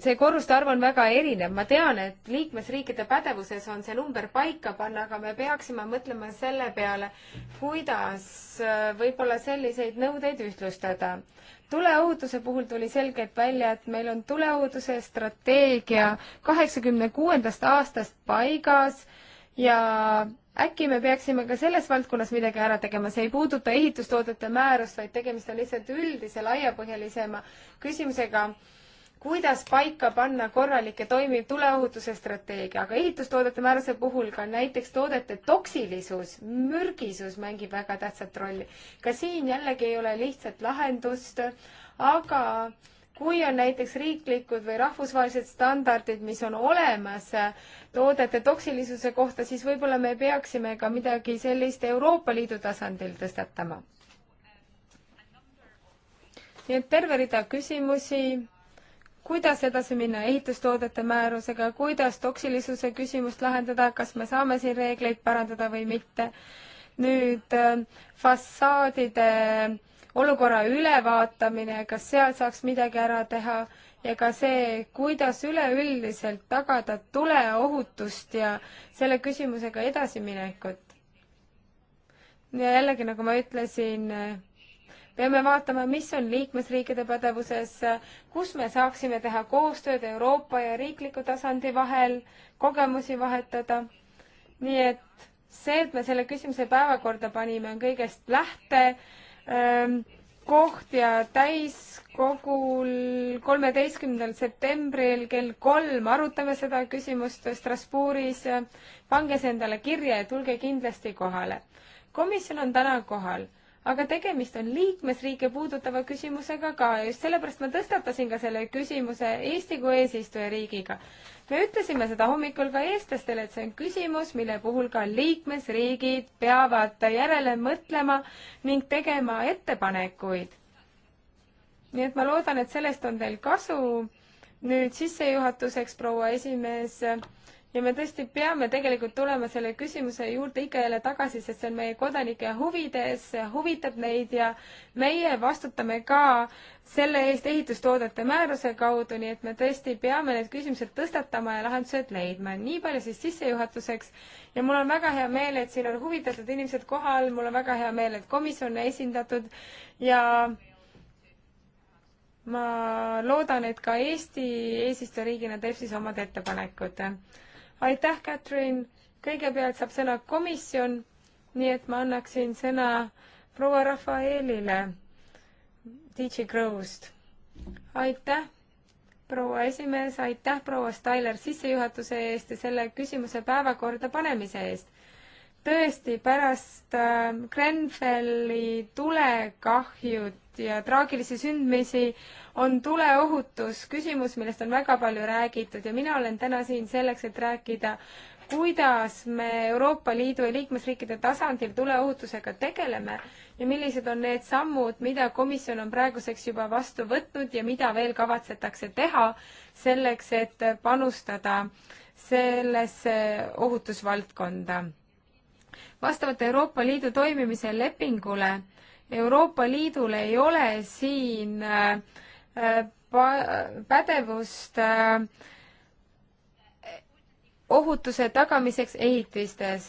see korruste arv on väga erinev, ma tean, et liikmesriikide pädevuses on see number paika panna, aga me peaksime mõtlema selle peale, kuidas äh, võib-olla selliseid nõudeid ühtlustada. tuleohutuse puhul tuli selgelt välja, et meil on tuleohutuse strateegia kaheksakümne kuuendast aastast paigas ja äkki me peaksime ka selles valdkonnas midagi ära tegema, see ei puuduta ehitustoodete määrust, vaid tegemist on lihtsalt üldise laiapõhjalisema küsimusega kuidas paika panna korralik ja toimiv tuleohutuse strateegia, aga ehitustoodete määruse puhul ka näiteks toodete toksilisus, mürgisus mängib väga tähtsat rolli. ka siin jällegi ei ole lihtsat lahendust, aga kui on näiteks riiklikud või rahvusvahelised standardid, mis on olemas toodete toksilisuse kohta, siis võib-olla me peaksime ka midagi sellist Euroopa Liidu tasandil tõstatama. nii et terve rida küsimusi kuidas edasi minna ehitustoodete määrusega, kuidas toksilisuse küsimust lahendada, kas me saame siin reegleid parandada või mitte. nüüd äh, fassaadide olukorra ülevaatamine, kas seal saaks midagi ära teha ja ka see, kuidas üleüldiselt tagada tuleohutust ja selle küsimusega edasiminekut. ja jällegi, nagu ma ütlesin, äh, peame vaatama, mis on liikmesriikide pädevuses, kus me saaksime teha koostööd Euroopa ja riikliku tasandi vahel, kogemusi vahetada. nii et see, et me selle küsimuse päevakorda panime, on kõigest lähte ähm, koht ja täiskogul kolmeteistkümnendal septembril kell kolm arutame seda küsimust Strasbourgis. pange see endale kirja ja tulge kindlasti kohale. komisjon on täna kohal aga tegemist on liikmesriike puudutava küsimusega ka, just sellepärast ma tõstatasin ka selle küsimuse Eesti kui eesistujariigiga. me ütlesime seda hommikul ka eestlastele, et see on küsimus, mille puhul ka liikmesriigid peavad järele mõtlema ning tegema ettepanekuid. nii et ma loodan, et sellest on teil kasu. nüüd sissejuhatuseks, proua esimees ja me tõesti peame tegelikult tulema selle küsimuse juurde ikka jälle tagasi, sest see on meie kodanike huvides, huvitab neid ja meie vastutame ka selle eest ehitustoodete määruse kaudu, nii et me tõesti peame need küsimused tõstatama ja lahendused leidma. nii palju siis sissejuhatuseks ja mul on väga hea meel, et siin on huvitatud inimesed kohal, mul on väga hea meel, et komisjon on esindatud ja ma loodan, et ka Eesti eesistujariigina teeb siis omad ettepanekud aitäh, Katrin. kõigepealt saab sõna komisjon, nii et ma annaksin sõna proua Rafaelile DJ Crow'st. aitäh, proua esimees, aitäh, proua Styler sissejuhatuse eest ja selle küsimuse päevakorda panemise eest. tõesti, pärast äh, Grenfelli tulekahjut ja traagilisi sündmisi, on tuleohutus küsimus, millest on väga palju räägitud ja mina olen täna siin selleks, et rääkida, kuidas me Euroopa Liidu ja liikmesriikide tasandil tuleohutusega tegeleme ja millised on need sammud, mida komisjon on praeguseks juba vastu võtnud ja mida veel kavatsetakse teha selleks, et panustada sellesse ohutusvaldkonda. vastavalt Euroopa Liidu toimimise lepingule Euroopa Liidul ei ole siin äh, pädevust äh, ohutuse tagamiseks ehitistes.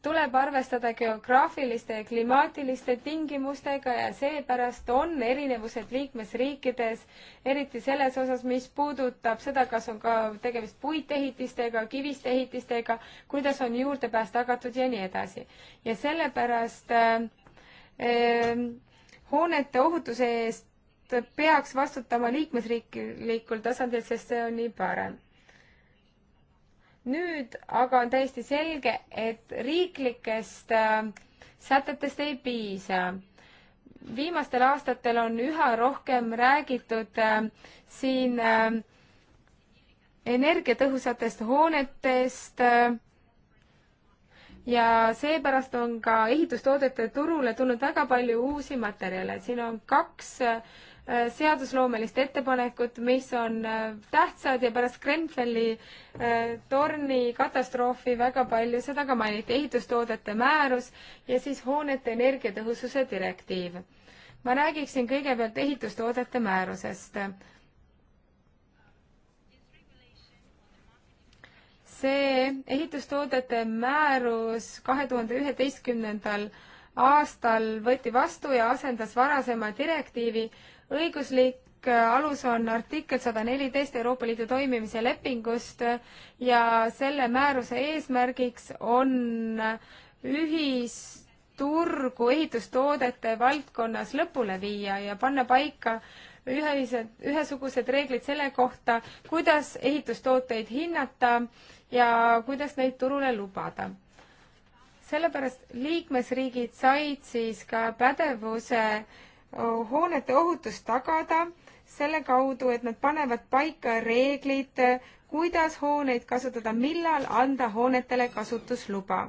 tuleb arvestada geograafiliste ja klimaatiliste tingimustega ja seepärast on erinevused liikmesriikides, eriti selles osas, mis puudutab seda, kas on ka tegemist puitehitistega, kivist ehitistega, kuidas on juurdepääs tagatud ja nii edasi. ja sellepärast äh, Ehm, hoonete ohutuse eest peaks vastutama liikmesriiklikul tasandil, sest see on nii parem. nüüd aga on täiesti selge, et riiklikest äh, sätetest ei piisa viimastel aastatel on üha rohkem räägitud äh, siin äh, energiatõhusatest hoonetest äh,, ja seepärast on ka ehitustoodete turule tulnud väga palju uusi materjale. siin on kaks äh, seadusloomelist ettepanekut, mis on äh, tähtsad ja pärast Grenfelli äh, torni katastroofi väga palju seda ka mainiti, ehitustoodete määrus ja siis hoonete energiatõhususe direktiiv. ma räägiksin kõigepealt ehitustoodete määrusest see ehitustoodete määrus kahe tuhande üheteistkümnendal aastal võeti vastu ja asendas varasema direktiivi. õiguslik alus on artikkel sada neliteist Euroopa Liidu toimimise lepingust ja selle määruse eesmärgiks on ühisturgu ehitustoodete valdkonnas lõpule viia ja panna paika ühised, ühesugused reeglid selle kohta, kuidas ehitustooteid hinnata ja kuidas neid turule lubada. sellepärast liikmesriigid said siis ka pädevuse hoonete ohutust tagada selle kaudu, et nad panevad paika reeglid, kuidas hooneid kasutada, millal anda hoonetele kasutusluba.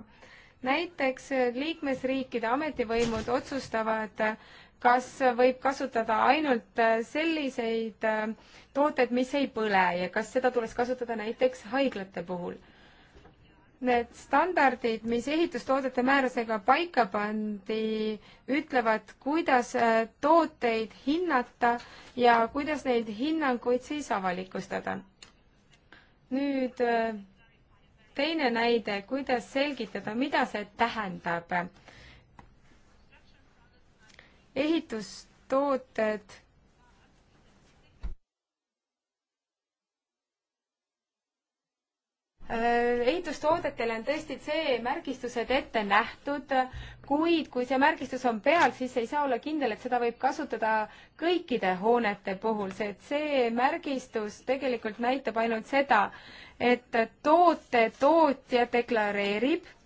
näiteks liikmesriikide ametivõimud otsustavad äh, kas võib kasutada ainult äh, selliseid äh, tooteid, mis ei põle ja kas seda tuleks kasutada näiteks haiglate puhul? Need standardid, mis ehitustoodete määrusega paika pandi, ütlevad, kuidas äh, tooteid hinnata ja kuidas neid hinnanguid siis avalikustada. nüüd teine näide, kuidas selgitada, mida see tähendab ehitustooted äh, ehitustoodetele on tõesti C-märgistused ette nähtud, kuid kui see märgistus on peal, siis ei saa olla kindel, et seda võib kasutada kõikide hoonete puhul. see C-märgistus tegelikult näitab ainult seda, et toote tootja deklareerib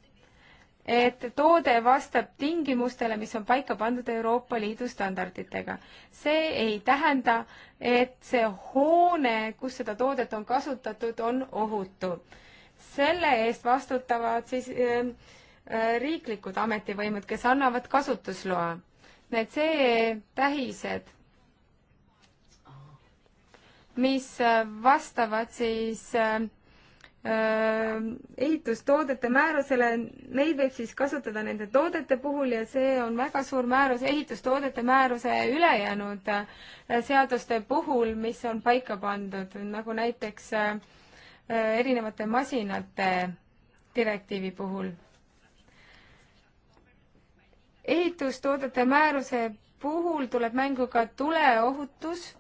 et toode vastab tingimustele, mis on paika pandud Euroopa Liidu standarditega. see ei tähenda, et see hoone, kus seda toodet on kasutatud, on ohutu. selle eest vastutavad siis äh, äh riiklikud ametivõimud, kes annavad kasutusloa. Need CE-tähised, mis äh, vastavad siis äh, Äh, ehitustoodete määrusele, neid võib siis kasutada nende toodete puhul ja see on väga suur määrus ehitustoodete määruse ülejäänud äh, seaduste puhul, mis on paika pandud, nagu näiteks äh, erinevate masinate direktiivi puhul. ehitustoodete määruse puhul tuleb mängu ka tuleohutus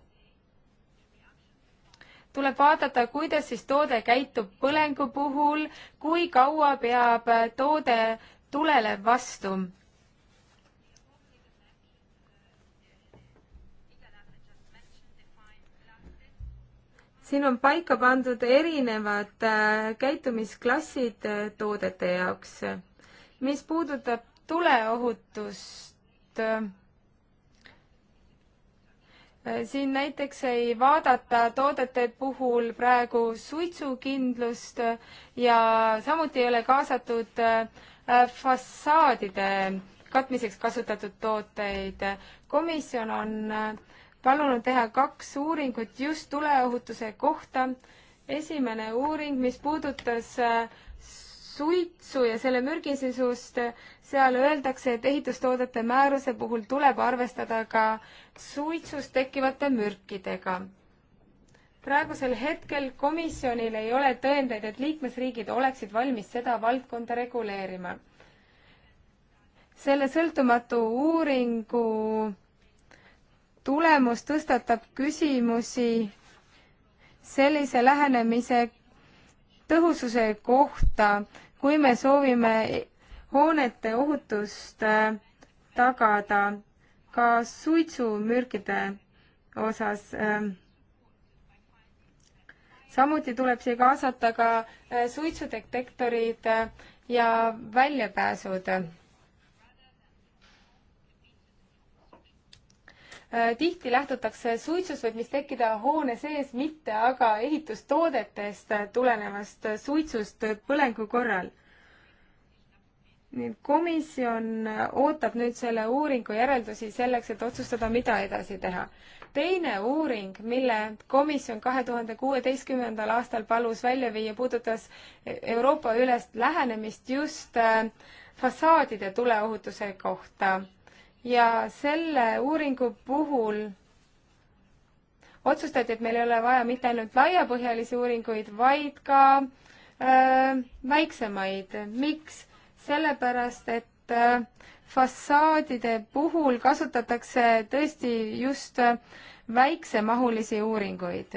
tuleb vaadata, kuidas siis toode käitub põlengu puhul, kui kaua peab toode tulele vastu. siin on paika pandud erinevad äh, käitumisklassid äh, toodete jaoks. mis puudutab tuleohutust, äh, siin näiteks ei vaadata toodete puhul praegu suitsukindlust ja samuti ei ole kaasatud äh, fassaadide katmiseks kasutatud tooteid. komisjon on äh, palunud teha kaks uuringut just tuleohutuse kohta. esimene uuring, mis puudutas äh, suitsu ja selle mürgisisust, seal öeldakse, et ehitustoodete määruse puhul tuleb arvestada ka suitsust tekkivate mürkidega. praegusel hetkel komisjonil ei ole tõendeid, et liikmesriigid oleksid valmis seda valdkonda reguleerima. selle sõltumatu uuringu tulemus tõstatab küsimusi sellise lähenemise tõhususe kohta, kui me soovime hoonete ohutust äh, tagada ka suitsumürkide osas. Ähm, samuti tuleb siia kaasata ka äh, suitsudetektorid äh, ja väljapääsud Äh, tihti lähtutakse suitsust, võib mis tekkida hoone sees, mitte aga ehitustoodetest tulenevast suitsust põlengu korral. nüüd komisjon ootab nüüd selle uuringu järeldusi selleks, et otsustada, mida edasi teha. teine uuring, mille komisjon kahe tuhande kuueteistkümnendal aastal palus välja viia, puudutas Euroopa ülest lähenemist just äh, fassaadide tuleohutuse kohta ja selle uuringu puhul otsustati, et meil ei ole vaja mitte ainult laiapõhjalisi uuringuid, vaid ka äh, väiksemaid. miks? sellepärast, et äh, fassaadide puhul kasutatakse tõesti just äh, väiksemahulisi uuringuid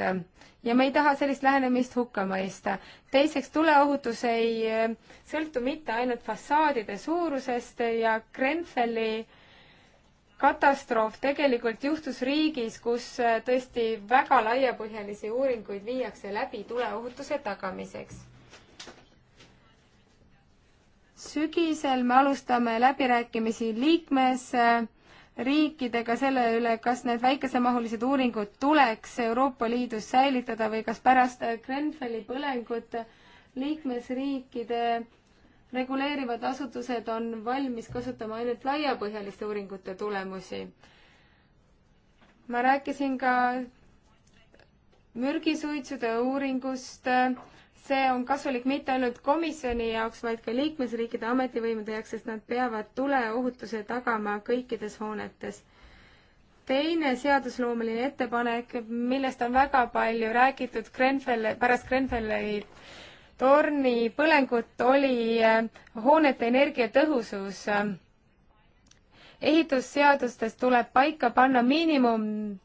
ja me ei taha sellist lähenemist hukka mõista. teiseks, tuleohutus ei äh, sõltu mitte ainult fassaadide suurusest ja Grenfelli äh, katastroof tegelikult juhtus riigis, kus äh, tõesti väga laiapõhjalisi uuringuid viiakse läbi tuleohutuse tagamiseks. sügisel me alustame läbirääkimisi liikmesriikidega äh, selle üle, kas need väikesemahulised uuringud tuleks Euroopa Liidus säilitada või kas pärast Grenfelli põlengut liikmesriikide reguleerivad asutused on valmis kasutama ainult laiapõhjaliste uuringute tulemusi. ma rääkisin ka mürgisuitsude uuringust, see on kasulik mitte ainult komisjoni jaoks, vaid ka liikmesriikide ametivõimude jaoks, sest nad peavad tuleohutuse tagama kõikides hoonetes teine seadusloomeline ettepanek, millest on väga palju räägitud Grenfell, pärast Grenfelli torni põlengut oli äh, hoonete energiatõhusus. ehitusseadustes tuleb paika panna miinimumnõuded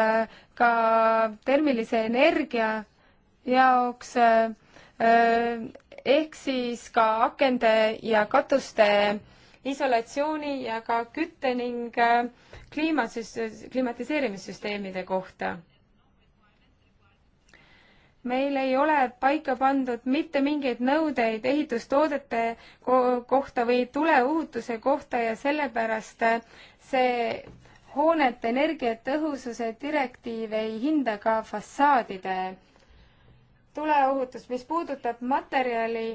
äh, ka termilise energia jaoks äh, ehk siis ka akende ja katuste isolatsiooni ja ka kütte ning kliimasüst-, klimatiseerimissüsteemide kohta meil ei ole paika pandud mitte mingeid nõudeid ehitustoodete ko kohta või tuleohutuse kohta ja sellepärast äh, see hoonete energiatõhususe direktiiv ei hinda ka fassaadide tuleohutust. mis puudutab materjali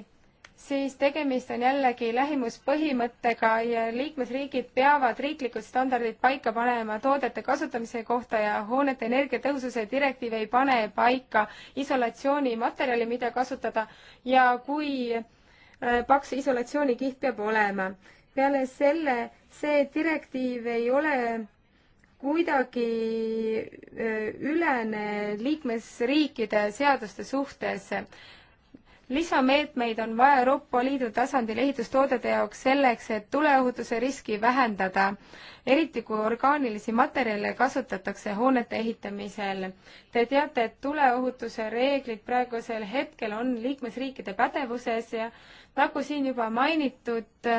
siis tegemist on jällegi lähimuspõhimõttega ja liikmesriigid peavad riiklikud standardid paika panema toodete kasutamise kohta ja hoonete energiatõhususe direktiiv ei pane paika isolatsioonimaterjali, mida kasutada ja kui äh, paks isolatsioonikiht peab olema. peale selle, see direktiiv ei ole kuidagi äh, ülene liikmesriikide seaduste suhtes lisameetmeid on vaja Euroopa Liidu tasandil ehitustoodete jaoks selleks, et tuleohutuse riski vähendada, eriti kui orgaanilisi materjale kasutatakse hoonete ehitamisel. Te teate, et tuleohutuse reeglid praegusel hetkel on liikmesriikide pädevuses ja nagu siin juba mainitud,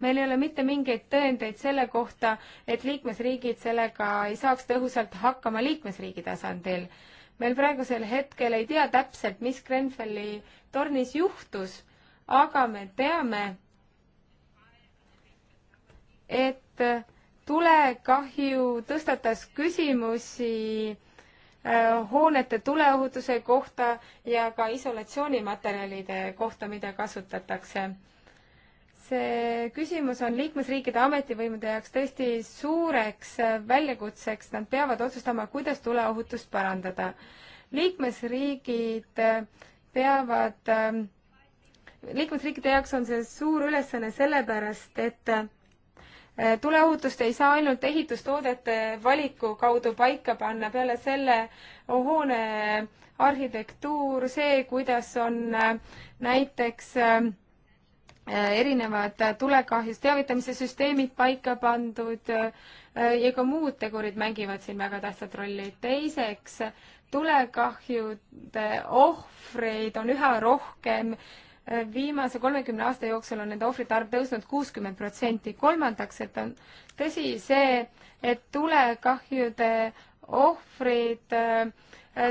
meil ei ole mitte mingeid tõendeid selle kohta, et liikmesriigid sellega ei saaks tõhusalt hakkama liikmesriigi tasandil meil praegusel hetkel ei tea täpselt, mis Grenfelli tornis juhtus, aga me teame, et tulekahju tõstatas küsimusi äh, hoonete tuleohutuse kohta ja ka isolatsioonimaterjalide kohta, mida kasutatakse see küsimus on liikmesriikide ametivõimude jaoks tõesti suureks väljakutseks, nad peavad otsustama, kuidas tuleohutust parandada. liikmesriigid äh, peavad, ähm, liikmesriikide jaoks on see suur ülesanne sellepärast, et äh, tuleohutust ei saa ainult ehitustoodete valiku kaudu paika panna, peale selle hoone arhitektuur, see, kuidas on äh, näiteks äh, Äh, erinevad äh, tulekahjust teavitamise süsteemid paika pandud äh, ja ka muud tegurid mängivad siin väga tähtsat rolli. teiseks, tulekahjude ohvreid on üha rohkem. viimase kolmekümne aasta jooksul on nende ohvrite arv tõusnud kuuskümmend protsenti. kolmandaks, et on tõsi see, et tulekahjude ohvrid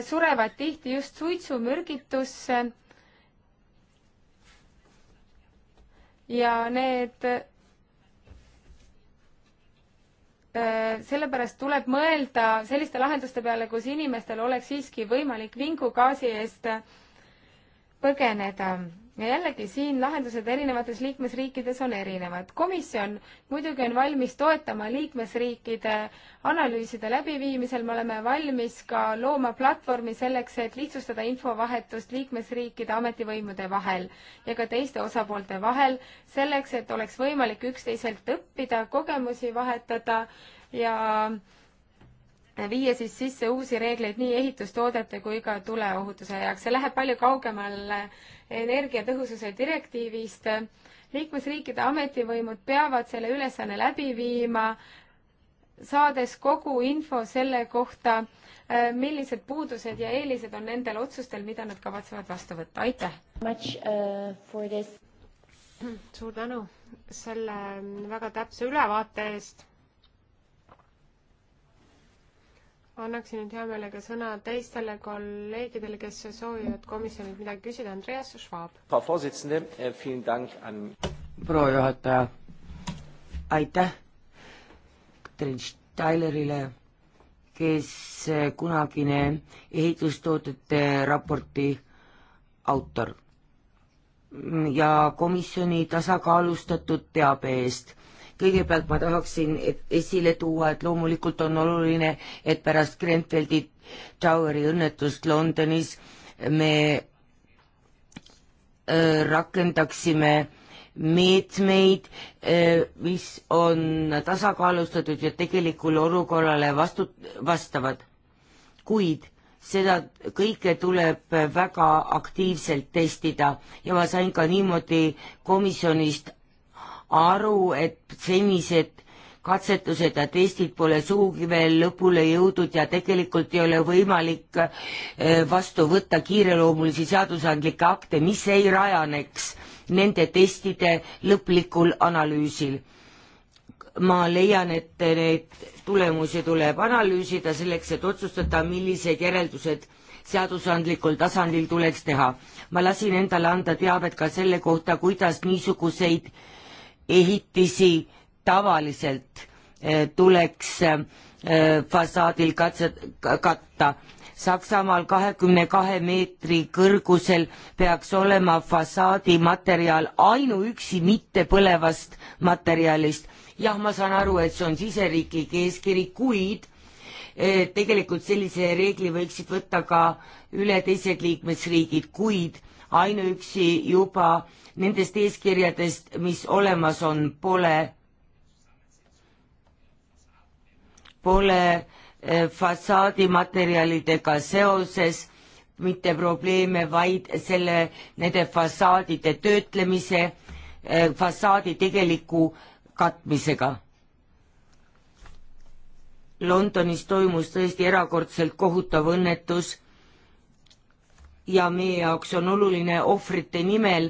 surevad tihti just suitsumürgitusse ja need äh, sellepärast tuleb mõelda selliste lahenduste peale, kus inimestel oleks siiski võimalik vingugaasi eest põgeneda ja jällegi siin lahendused erinevates liikmesriikides on erinevad. komisjon muidugi on valmis toetama liikmesriikide analüüside läbiviimisel, me oleme valmis ka looma platvormi selleks, et lihtsustada infovahetust liikmesriikide ametivõimude vahel ja ka teiste osapoolte vahel, selleks et oleks võimalik üksteiselt õppida, kogemusi vahetada ja äh, viia siis sisse uusi reegleid nii ehitustoodete kui ka tuleohutuse jaoks. see läheb palju kaugemale energiatõhususe direktiivist. liikmesriikide ametivõimud peavad selle ülesanne läbi viima, saades kogu info selle kohta, millised puudused ja eelised on nendel otsustel, mida nad kavatsevad vastu võtta. aitäh! Uh, suur tänu selle väga täpse ülevaate eest annaksin nüüd hea meelega sõna teistele kolleegidele, kes soovivad komisjonilt midagi küsida. Andreas Schwab. Äh, proua juhataja, aitäh Katrin Steilerile, kes äh, kunagine ehitustoodete raporti autor ja komisjoni tasakaalustatud teabe eest kõigepealt ma tahaksin esile tuua, et loomulikult on oluline, et pärast Grenfeldi Toweri õnnetust Londonis me äh, rakendaksime meetmeid, äh, mis on tasakaalustatud ja tegelikule olukorrale vastu, vastavad. kuid seda kõike tuleb väga aktiivselt testida ja ma sain ka niimoodi komisjonist aru, et senised katsetused ja testid pole sugugi veel lõpule jõudnud ja tegelikult ei ole võimalik äh, vastu võtta kiireloomulisi seadusandlikke akte, mis ei rajaneks nende testide lõplikul analüüsil. ma leian, et neid tulemusi tuleb analüüsida selleks, et otsustada, millised järeldused seadusandlikul tasandil tuleks teha. ma lasin endale anda teavet ka selle kohta, kuidas niisuguseid äh, ehitisi tavaliselt eh, tuleks eh, fassaadil katse, katta. Saksamaal kahekümne kahe meetri kõrgusel peaks olema fassaadi materjal ainuüksi mittepõlevast materjalist. jah, ma saan aru, et see on siseriiklik eeskiri, kuid eh, tegelikult sellise reegli võiksid võtta ka üle teised liikmesriigid, kuid ainuüksi juba nendest eeskirjadest, mis olemas on, pole, pole eh, fassaadimaterjalidega seoses mitte probleeme, vaid selle, nende fassaadide töötlemise, eh, fassaadi tegeliku katmisega. Londonis toimus tõesti erakordselt kohutav õnnetus ja meie jaoks on oluline ohvrite nimel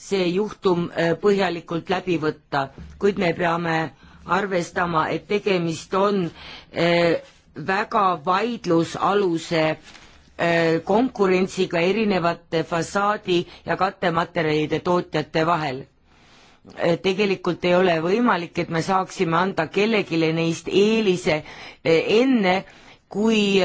see juhtum äh, põhjalikult läbi võtta, kuid me peame arvestama, et tegemist on äh, väga vaidlusaluse äh, konkurentsiga erinevate fassaadi ja kattematerjalide tootjate vahel tegelikult ei ole võimalik, et me saaksime anda kellelegi neist eelise enne, kui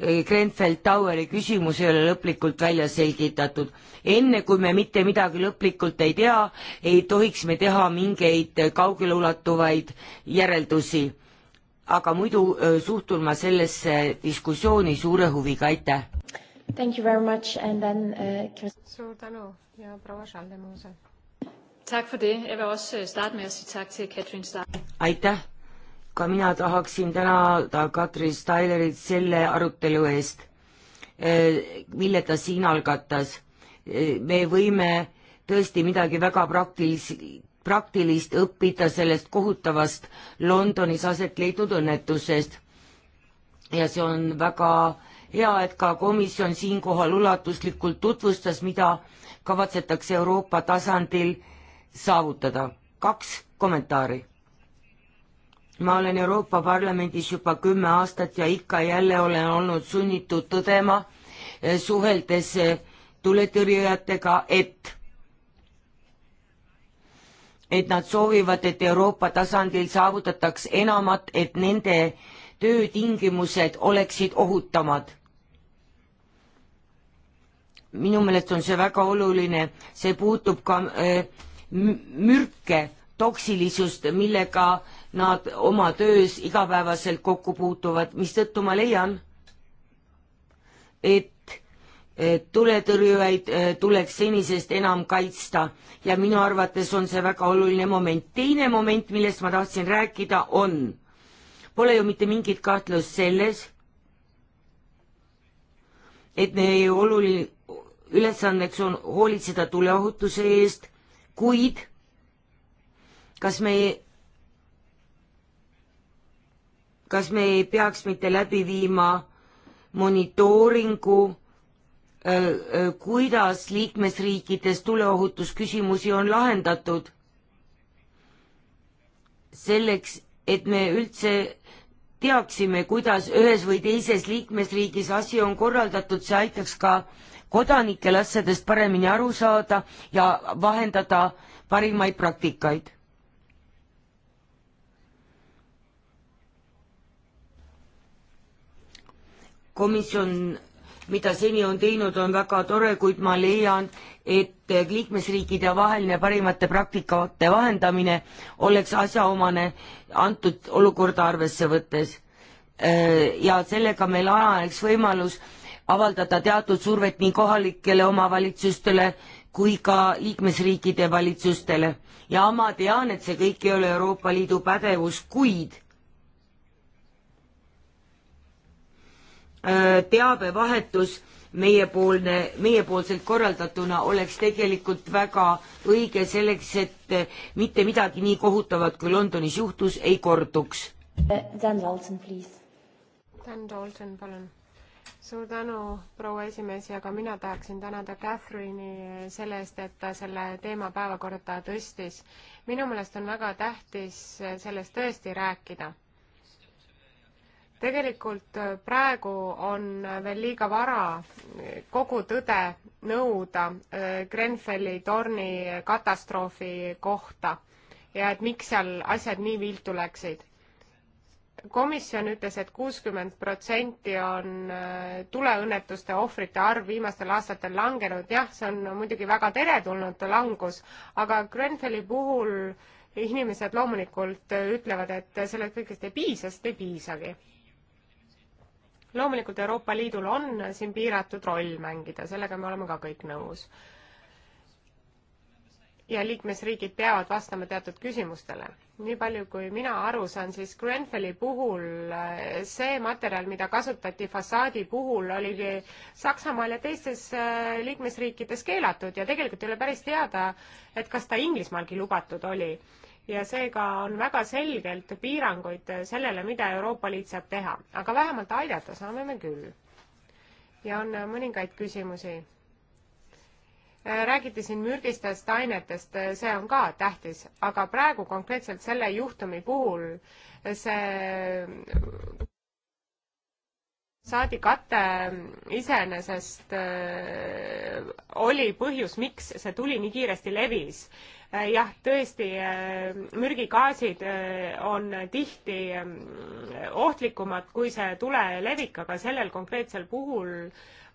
Grenfell Toweri küsimus ei ole lõplikult välja selgitatud. enne kui me mitte midagi lõplikult ei tea, ei tohiks me teha mingeid kaugeleulatuvaid järeldusi. aga muidu suhtun ma sellesse diskussiooni suure huviga, aitäh! Thank you very much and then uh, Suur tänu ja proua Schaldemose! Tak for det. Jeg vil også øh, starte med at sige tak til Katrin Stark. Aitäh! ka mina tahaksin tänada Katri Stylerit selle arutelu eest, eh, mille ta siin algatas. Eh, me võime tõesti midagi väga praktilist, praktilist õppida sellest kohutavast Londonis aset leidnud õnnetusest. ja see on väga hea, et ka komisjon siinkohal ulatuslikult tutvustas, mida kavatsetakse Euroopa tasandil saavutada. kaks kommentaari ma olen Euroopa Parlamendis juba kümme aastat ja ikka jälle olen olnud sunnitud tõdema, eh, suheldes eh, tuletõrjujatega, et et nad soovivad, et Euroopa tasandil saavutataks enamat, et nende töötingimused oleksid ohutamad. minu meelest on see väga oluline, see puutub ka äh, mürke, toksilisust, millega äh, nad oma töös igapäevaselt kokku puutuvad, mistõttu ma leian, et eh, tuletõrjujaid eh, tuleks senisest enam kaitsta ja minu arvates on see väga oluline moment. teine moment, millest ma tahtsin rääkida, on, pole ju mitte mingit kahtlust selles, et meie oluline ülesandeks on hoolitseda tuleohutuse eest, kuid kas me kas me ei peaks mitte läbi viima monitooringu, äh, äh, kuidas liikmesriikides tuleohutusküsimusi on lahendatud? selleks, et me üldse teaksime, kuidas ühes või teises liikmesriigis asi on korraldatud, see aitaks ka kodanikel asjadest paremini aru saada ja vahendada parimaid praktikaid komisjon, mida seni on teinud, on väga tore, kuid ma leian, et liikmesriikide vaheline parimate praktikate vahendamine oleks asjaomane antud olukorda arvesse võttes. Äh, ja sellega meil ajaneks võimalus avaldada teatud survet nii kohalikele omavalitsustele kui ka liikmesriikide valitsustele ja ma tean, et see kõik ei ole Euroopa Liidu pädevus, kuid Äh, teabevahetus meiepoolne, meiepoolselt korraldatuna oleks tegelikult väga õige selleks, et äh, mitte midagi nii kohutavat, kui Londonis juhtus, ei korduks. Äh, Dan Dalton, please. Dan Dalton, palun. suur tänu, proua esimees, ja ka mina tahaksin tänada Catherine'i selle eest, et ta selle teema päevakorda tõstis. minu meelest on väga tähtis sellest tõesti rääkida tegelikult äh, praegu on äh, veel liiga vara äh, kogu tõde nõuda Grenfelli torni katastroofi kohta ja et miks seal asjad nii viltu läksid. komisjon ütles et, et kuuskümmend protsenti on tuleõnnetuste ohvrite arv viimastel aastatel langenud, jah, see on muidugi väga teretulnud langus, aga Grenfelli puhul inimesed loomulikult ütlevad, et sellest kõigest ei piisa, sest ei piisagi loomulikult Euroopa Liidul on siin piiratud roll mängida, sellega me oleme ka kõik nõus. ja liikmesriigid peavad vastama teatud küsimustele. nii palju, kui mina aru saan, siis Grenfelli puhul äh, see materjal, mida kasutati fassaadi puhul, oli Saksamaal ja teistes äh, liikmesriikides keelatud ja tegelikult ei ole päris teada, et kas ta Inglismaalgi lubatud oli ja seega on väga selgelt piiranguid sellele, mida Euroopa Liit saab teha, aga vähemalt aidata saame me küll. ja on mõningaid küsimusi. Äh, räägiti siin mürgistest ainetest, äh, see on ka tähtis, aga praegu konkreetselt selle juhtumi puhul äh, see saadikate iseenesest oli põhjus, miks see tuli nii kiiresti levis Äh, jah, tõesti, äh, mürgigaasid äh, on tihti ähm, ohtlikumad kui see tule levik, aga sellel konkreetsel puhul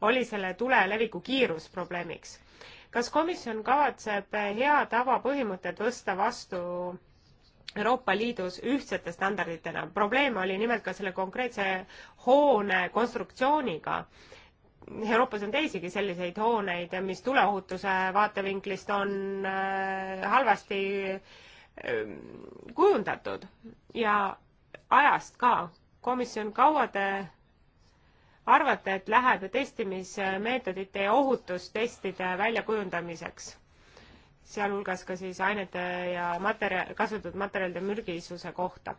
oli selle tule leviku kiirus probleemiks. kas komisjon kavatseb hea tava põhimõtted tõsta vastu Euroopa Liidus ühtsete standarditena. probleem oli nimelt ka selle konkreetse hoone konstruktsiooniga Euroopas on teisigi selliseid hooneid, mis tuleohutuse vaatevinklist on äh, halvasti äh, kujundatud ja ajast ka. komisjon, kaua te arvate, et läheb testimismeetodite ja ohutustestide väljakujundamiseks? sealhulgas ka siis ainete ja materjal, kasutatud materjalide mürgisuse kohta.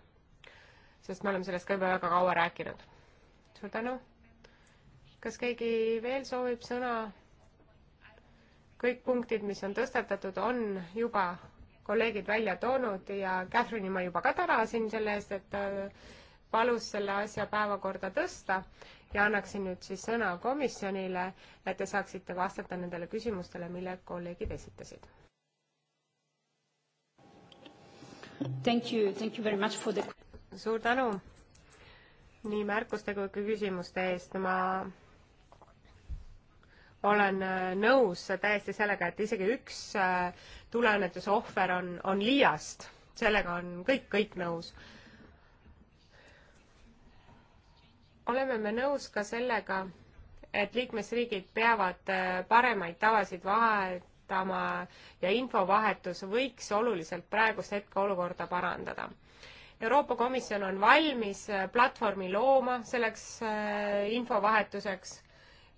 sest me oleme sellest ka juba väga kaua rääkinud. suur tänu! kas keegi veel soovib sõna? kõik punktid, mis on tõstatatud, on juba kolleegid välja toonud ja Catherine'i ma juba ka tänasin selle eest, et äh, palus selle asja päevakorda tõsta ja annaksin nüüd siis sõna komisjonile, et te saaksite vastata nendele küsimustele, mille kolleegid esitasid. Thank you, thank you very much for the suur tänu nii märkuste kui ka küsimuste eest. ma olen äh, nõus täiesti sellega, et isegi üks äh, tuleõnnetuse ohver on, on liiast. sellega on kõik, kõik nõus. oleme me nõus ka sellega, et liikmesriigid peavad äh, paremaid tavasid vahetama ja infovahetus võiks oluliselt praegust hetkeolukorda parandada Euroopa Komisjon on valmis platvormi looma selleks infovahetuseks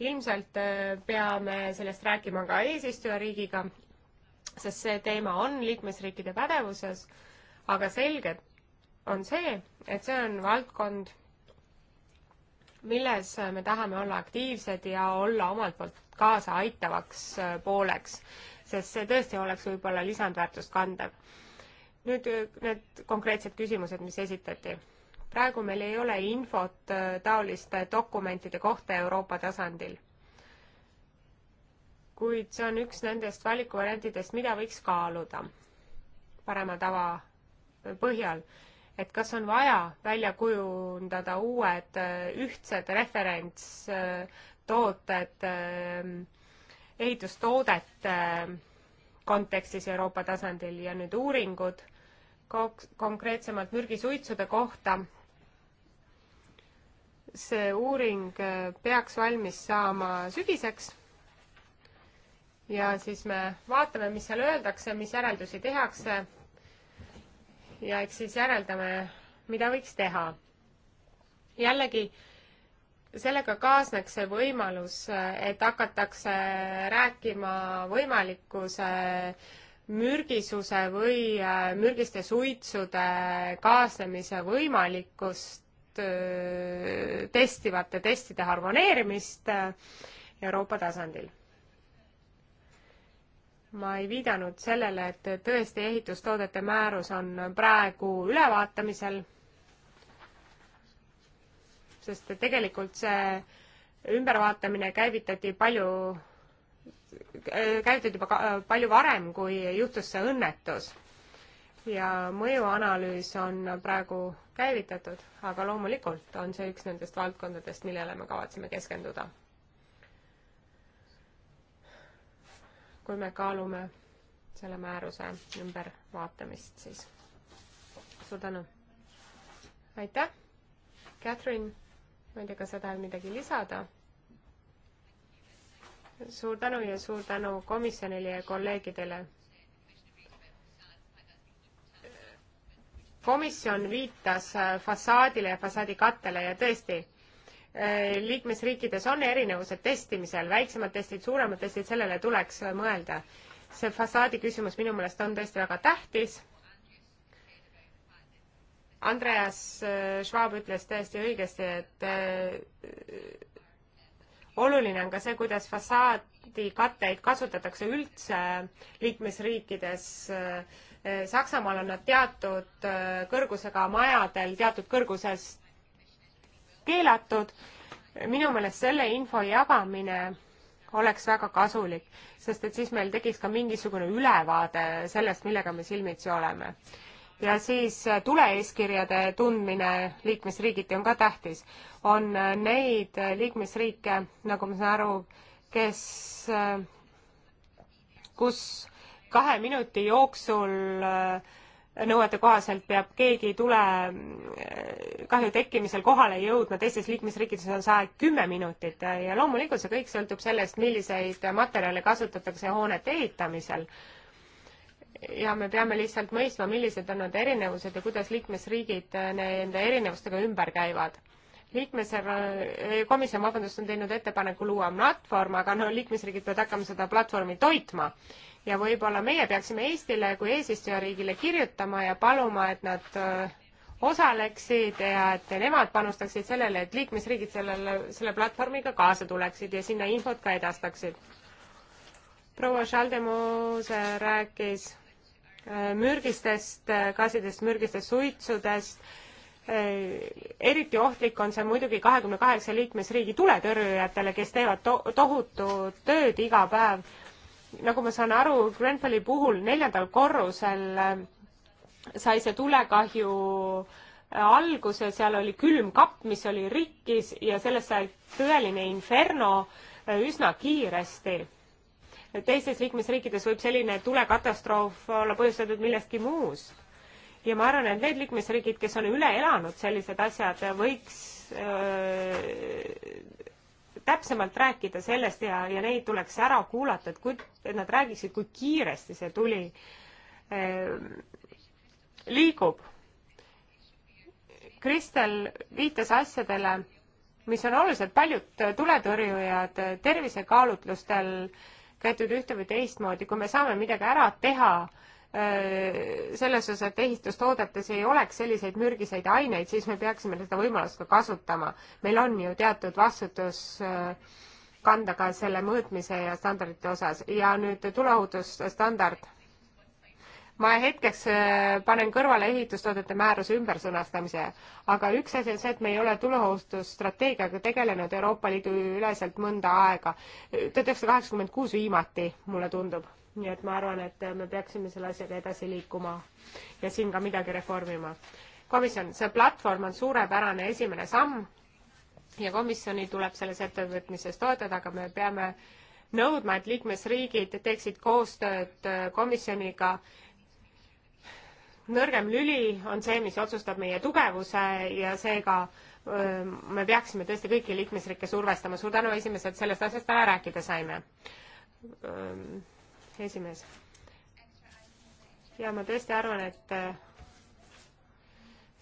ilmselt äh, peame sellest rääkima ka eesistujariigiga, sest see teema on liikmesriikide pädevuses, aga selge on see, et see on valdkond, milles me tahame olla aktiivsed ja olla omalt poolt kaasa aitavaks äh, pooleks, sest see tõesti oleks võib-olla lisandväärtust kandev. nüüd äh, need konkreetsed küsimused, mis esitati praegu meil ei ole infot äh, taoliste dokumentide kohta Euroopa tasandil. kuid see on üks nendest valikuvariantidest, mida võiks kaaluda parema tava äh, põhjal, et kas on vaja välja kujundada uued äh, ühtsed referentstooted ehitustoodete kontekstis Euroopa tasandil ja nüüd uuringud konkreetsemalt mürgisuitsude kohta see uuring äh, peaks valmis saama sügiseks. ja siis me vaatame, mis seal öeldakse, mis järeldusi tehakse. ja eks siis järeldame, mida võiks teha. jällegi, sellega kaasneks see võimalus, äh, et hakatakse rääkima võimalikkuse mürgisuse või äh, mürgiste suitsude kaasnemise võimalikkust Äh, testivate testide harmoneerimist äh, Euroopa tasandil. ma ei viidanud sellele, et tõesti ehitustoodete määrus on praegu ülevaatamisel, sest tegelikult see ümbervaatamine käivitati palju käivitati juba palju varem, kui juhtus see õnnetus ja mõjuanalüüs on praegu käivitatud, aga loomulikult on see üks nendest valdkondadest, millele me kavatseme keskenduda. kui me kaalume selle määruse ümbervaatamist, siis suur tänu. aitäh, Catherine, ma ei tea, kas sa tahad midagi lisada? suur tänu ja suur tänu komisjonile ja kolleegidele komisjon viitas äh, fassaadile ja fassaadi kattele ja tõesti, äh, liikmesriikides on erinevused testimisel, väiksemad testid, suuremad testid, sellele tuleks mõelda. see fassaadi küsimus minu meelest on tõesti väga tähtis. Andreas äh, Schwab ütles täiesti õigesti, et oluline on ka see, kuidas fassaad protsenti katteid kasutatakse üldse liikmesriikides. Saksamaal on nad teatud äh, kõrgusega majadel teatud kõrguses keelatud. minu meelest selle info jagamine oleks väga kasulik, sest et siis meil tekiks ka mingisugune ülevaade sellest, millega me silmitsi oleme ja siis äh, tule-eeskirjade tundmine liikmesriigiti on ka tähtis. on äh, neid liikmesriike, nagu ma saan aru, kes, kus kahe minuti jooksul äh, nõuete kohaselt peab keegi tule äh, kahju tekkimisel kohale jõudma, teistes liikmesriikides on see aeg kümme minutit ja loomulikult see kõik sõltub sellest, milliseid materjale kasutatakse hoonete ehitamisel. ja me peame lihtsalt mõistma, millised on need erinevused ja kuidas liikmesriigid äh, nende erinevustega ümber käivad liikmesriigi, eh, komisjon, vabandust, on teinud ettepaneku luua platvorm, aga no liikmesriigid peavad hakkama seda platvormi toitma. ja võib-olla meie peaksime Eestile kui eesistujariigile kirjutama ja paluma, et nad eh, osaleksid ja et nemad panustaksid sellele, et liikmesriigid sellele, selle platvormiga kaasa tuleksid ja sinna infot ka edastaksid. proua Schaldemose rääkis eh, mürgistest gaasidest, mürgistest suitsudest Äh, eriti ohtlik on see muidugi kahekümne kaheksa liikmesriigi tuletõrjujatele, kes teevad to tohutut tööd iga päev. nagu ma saan aru, Grenfelli puhul neljandal korrusel äh, sai see tulekahju äh, alguse, seal oli külmkapp, mis oli rikkis ja sellest sai tõeline inferno üsna kiiresti teistes liikmesriikides võib selline tulekatastroof olla põhjustatud millestki muust ja ma arvan, et need liikmesriigid, kes on üle elanud sellised asjad, võiks öö, täpsemalt rääkida sellest ja, ja neid tuleks ära kuulata, et kui, et nad räägiksid, kui kiiresti see tuli öö, liigub. Kristel viitas asjadele, mis on olulised, paljud tuletõrjujad tervisekaalutlustel käituvad ühte või teistmoodi, kui me saame midagi ära teha, Äh, selles osas, et ehitustoodetes ei oleks selliseid mürgiseid aineid, siis me peaksime seda võimalust ka kasutama. meil on ju teatud vastutus äh, kanda ka selle mõõtmise ja standardite osas ja nüüd tuleohutusstandard. ma hetkeks äh, panen kõrvale ehitustoodete määruse ümbersõnastamise, aga üks asi on see, et me ei ole tuleohutusstrateegiaga tegelenud Euroopa Liidu üleselt mõnda aega. tuhat üheksasada kaheksakümmend kuus viimati, mulle tundub nii et ma arvan, et me peaksime selle asjaga edasi liikuma ja siin ka midagi reformima. komisjon, see platvorm on suurepärane esimene samm ja komisjoni tuleb selles ettevõtmises toetada, aga me peame nõudma, et liikmesriigid teeksid koostööd komisjoniga. nõrgem lüli on see, mis otsustab meie tugevuse ja seega öö, me peaksime tõesti kõiki liikmesriike survestama. suur tänu, esimesed, sellest asjast täna rääkida saime esimees. ja ma tõesti arvan, et äh,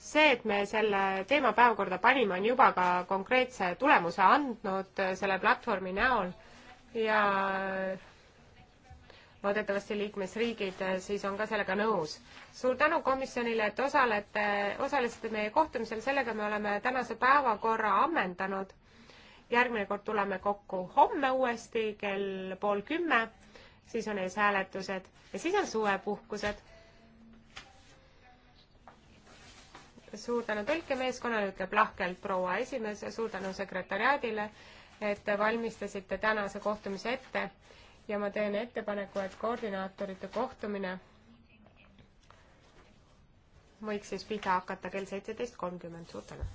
see, et me selle teema päevakorda panime, on juba ka konkreetse tulemuse andnud äh, selle platvormi näol ja äh, loodetavasti liikmesriigid siis on ka sellega nõus. suur tänu komisjonile, et osalete, osalesite meie kohtumisel, sellega me oleme tänase päevakorra ammendanud. järgmine kord tuleme kokku homme uuesti kell pool kümme siis on ees hääletused ja siis on suvepuhkused. suur tänu tõlkemeeskonnale, ütleb lahkelt proua esimees ja suur tänu sekretäriaadile, et valmistasite tänase kohtumise ette ja ma teen ettepaneku, et koordinaatorite kohtumine võiks siis pihta hakata kell seitseteist kolmkümmend, suur tänu!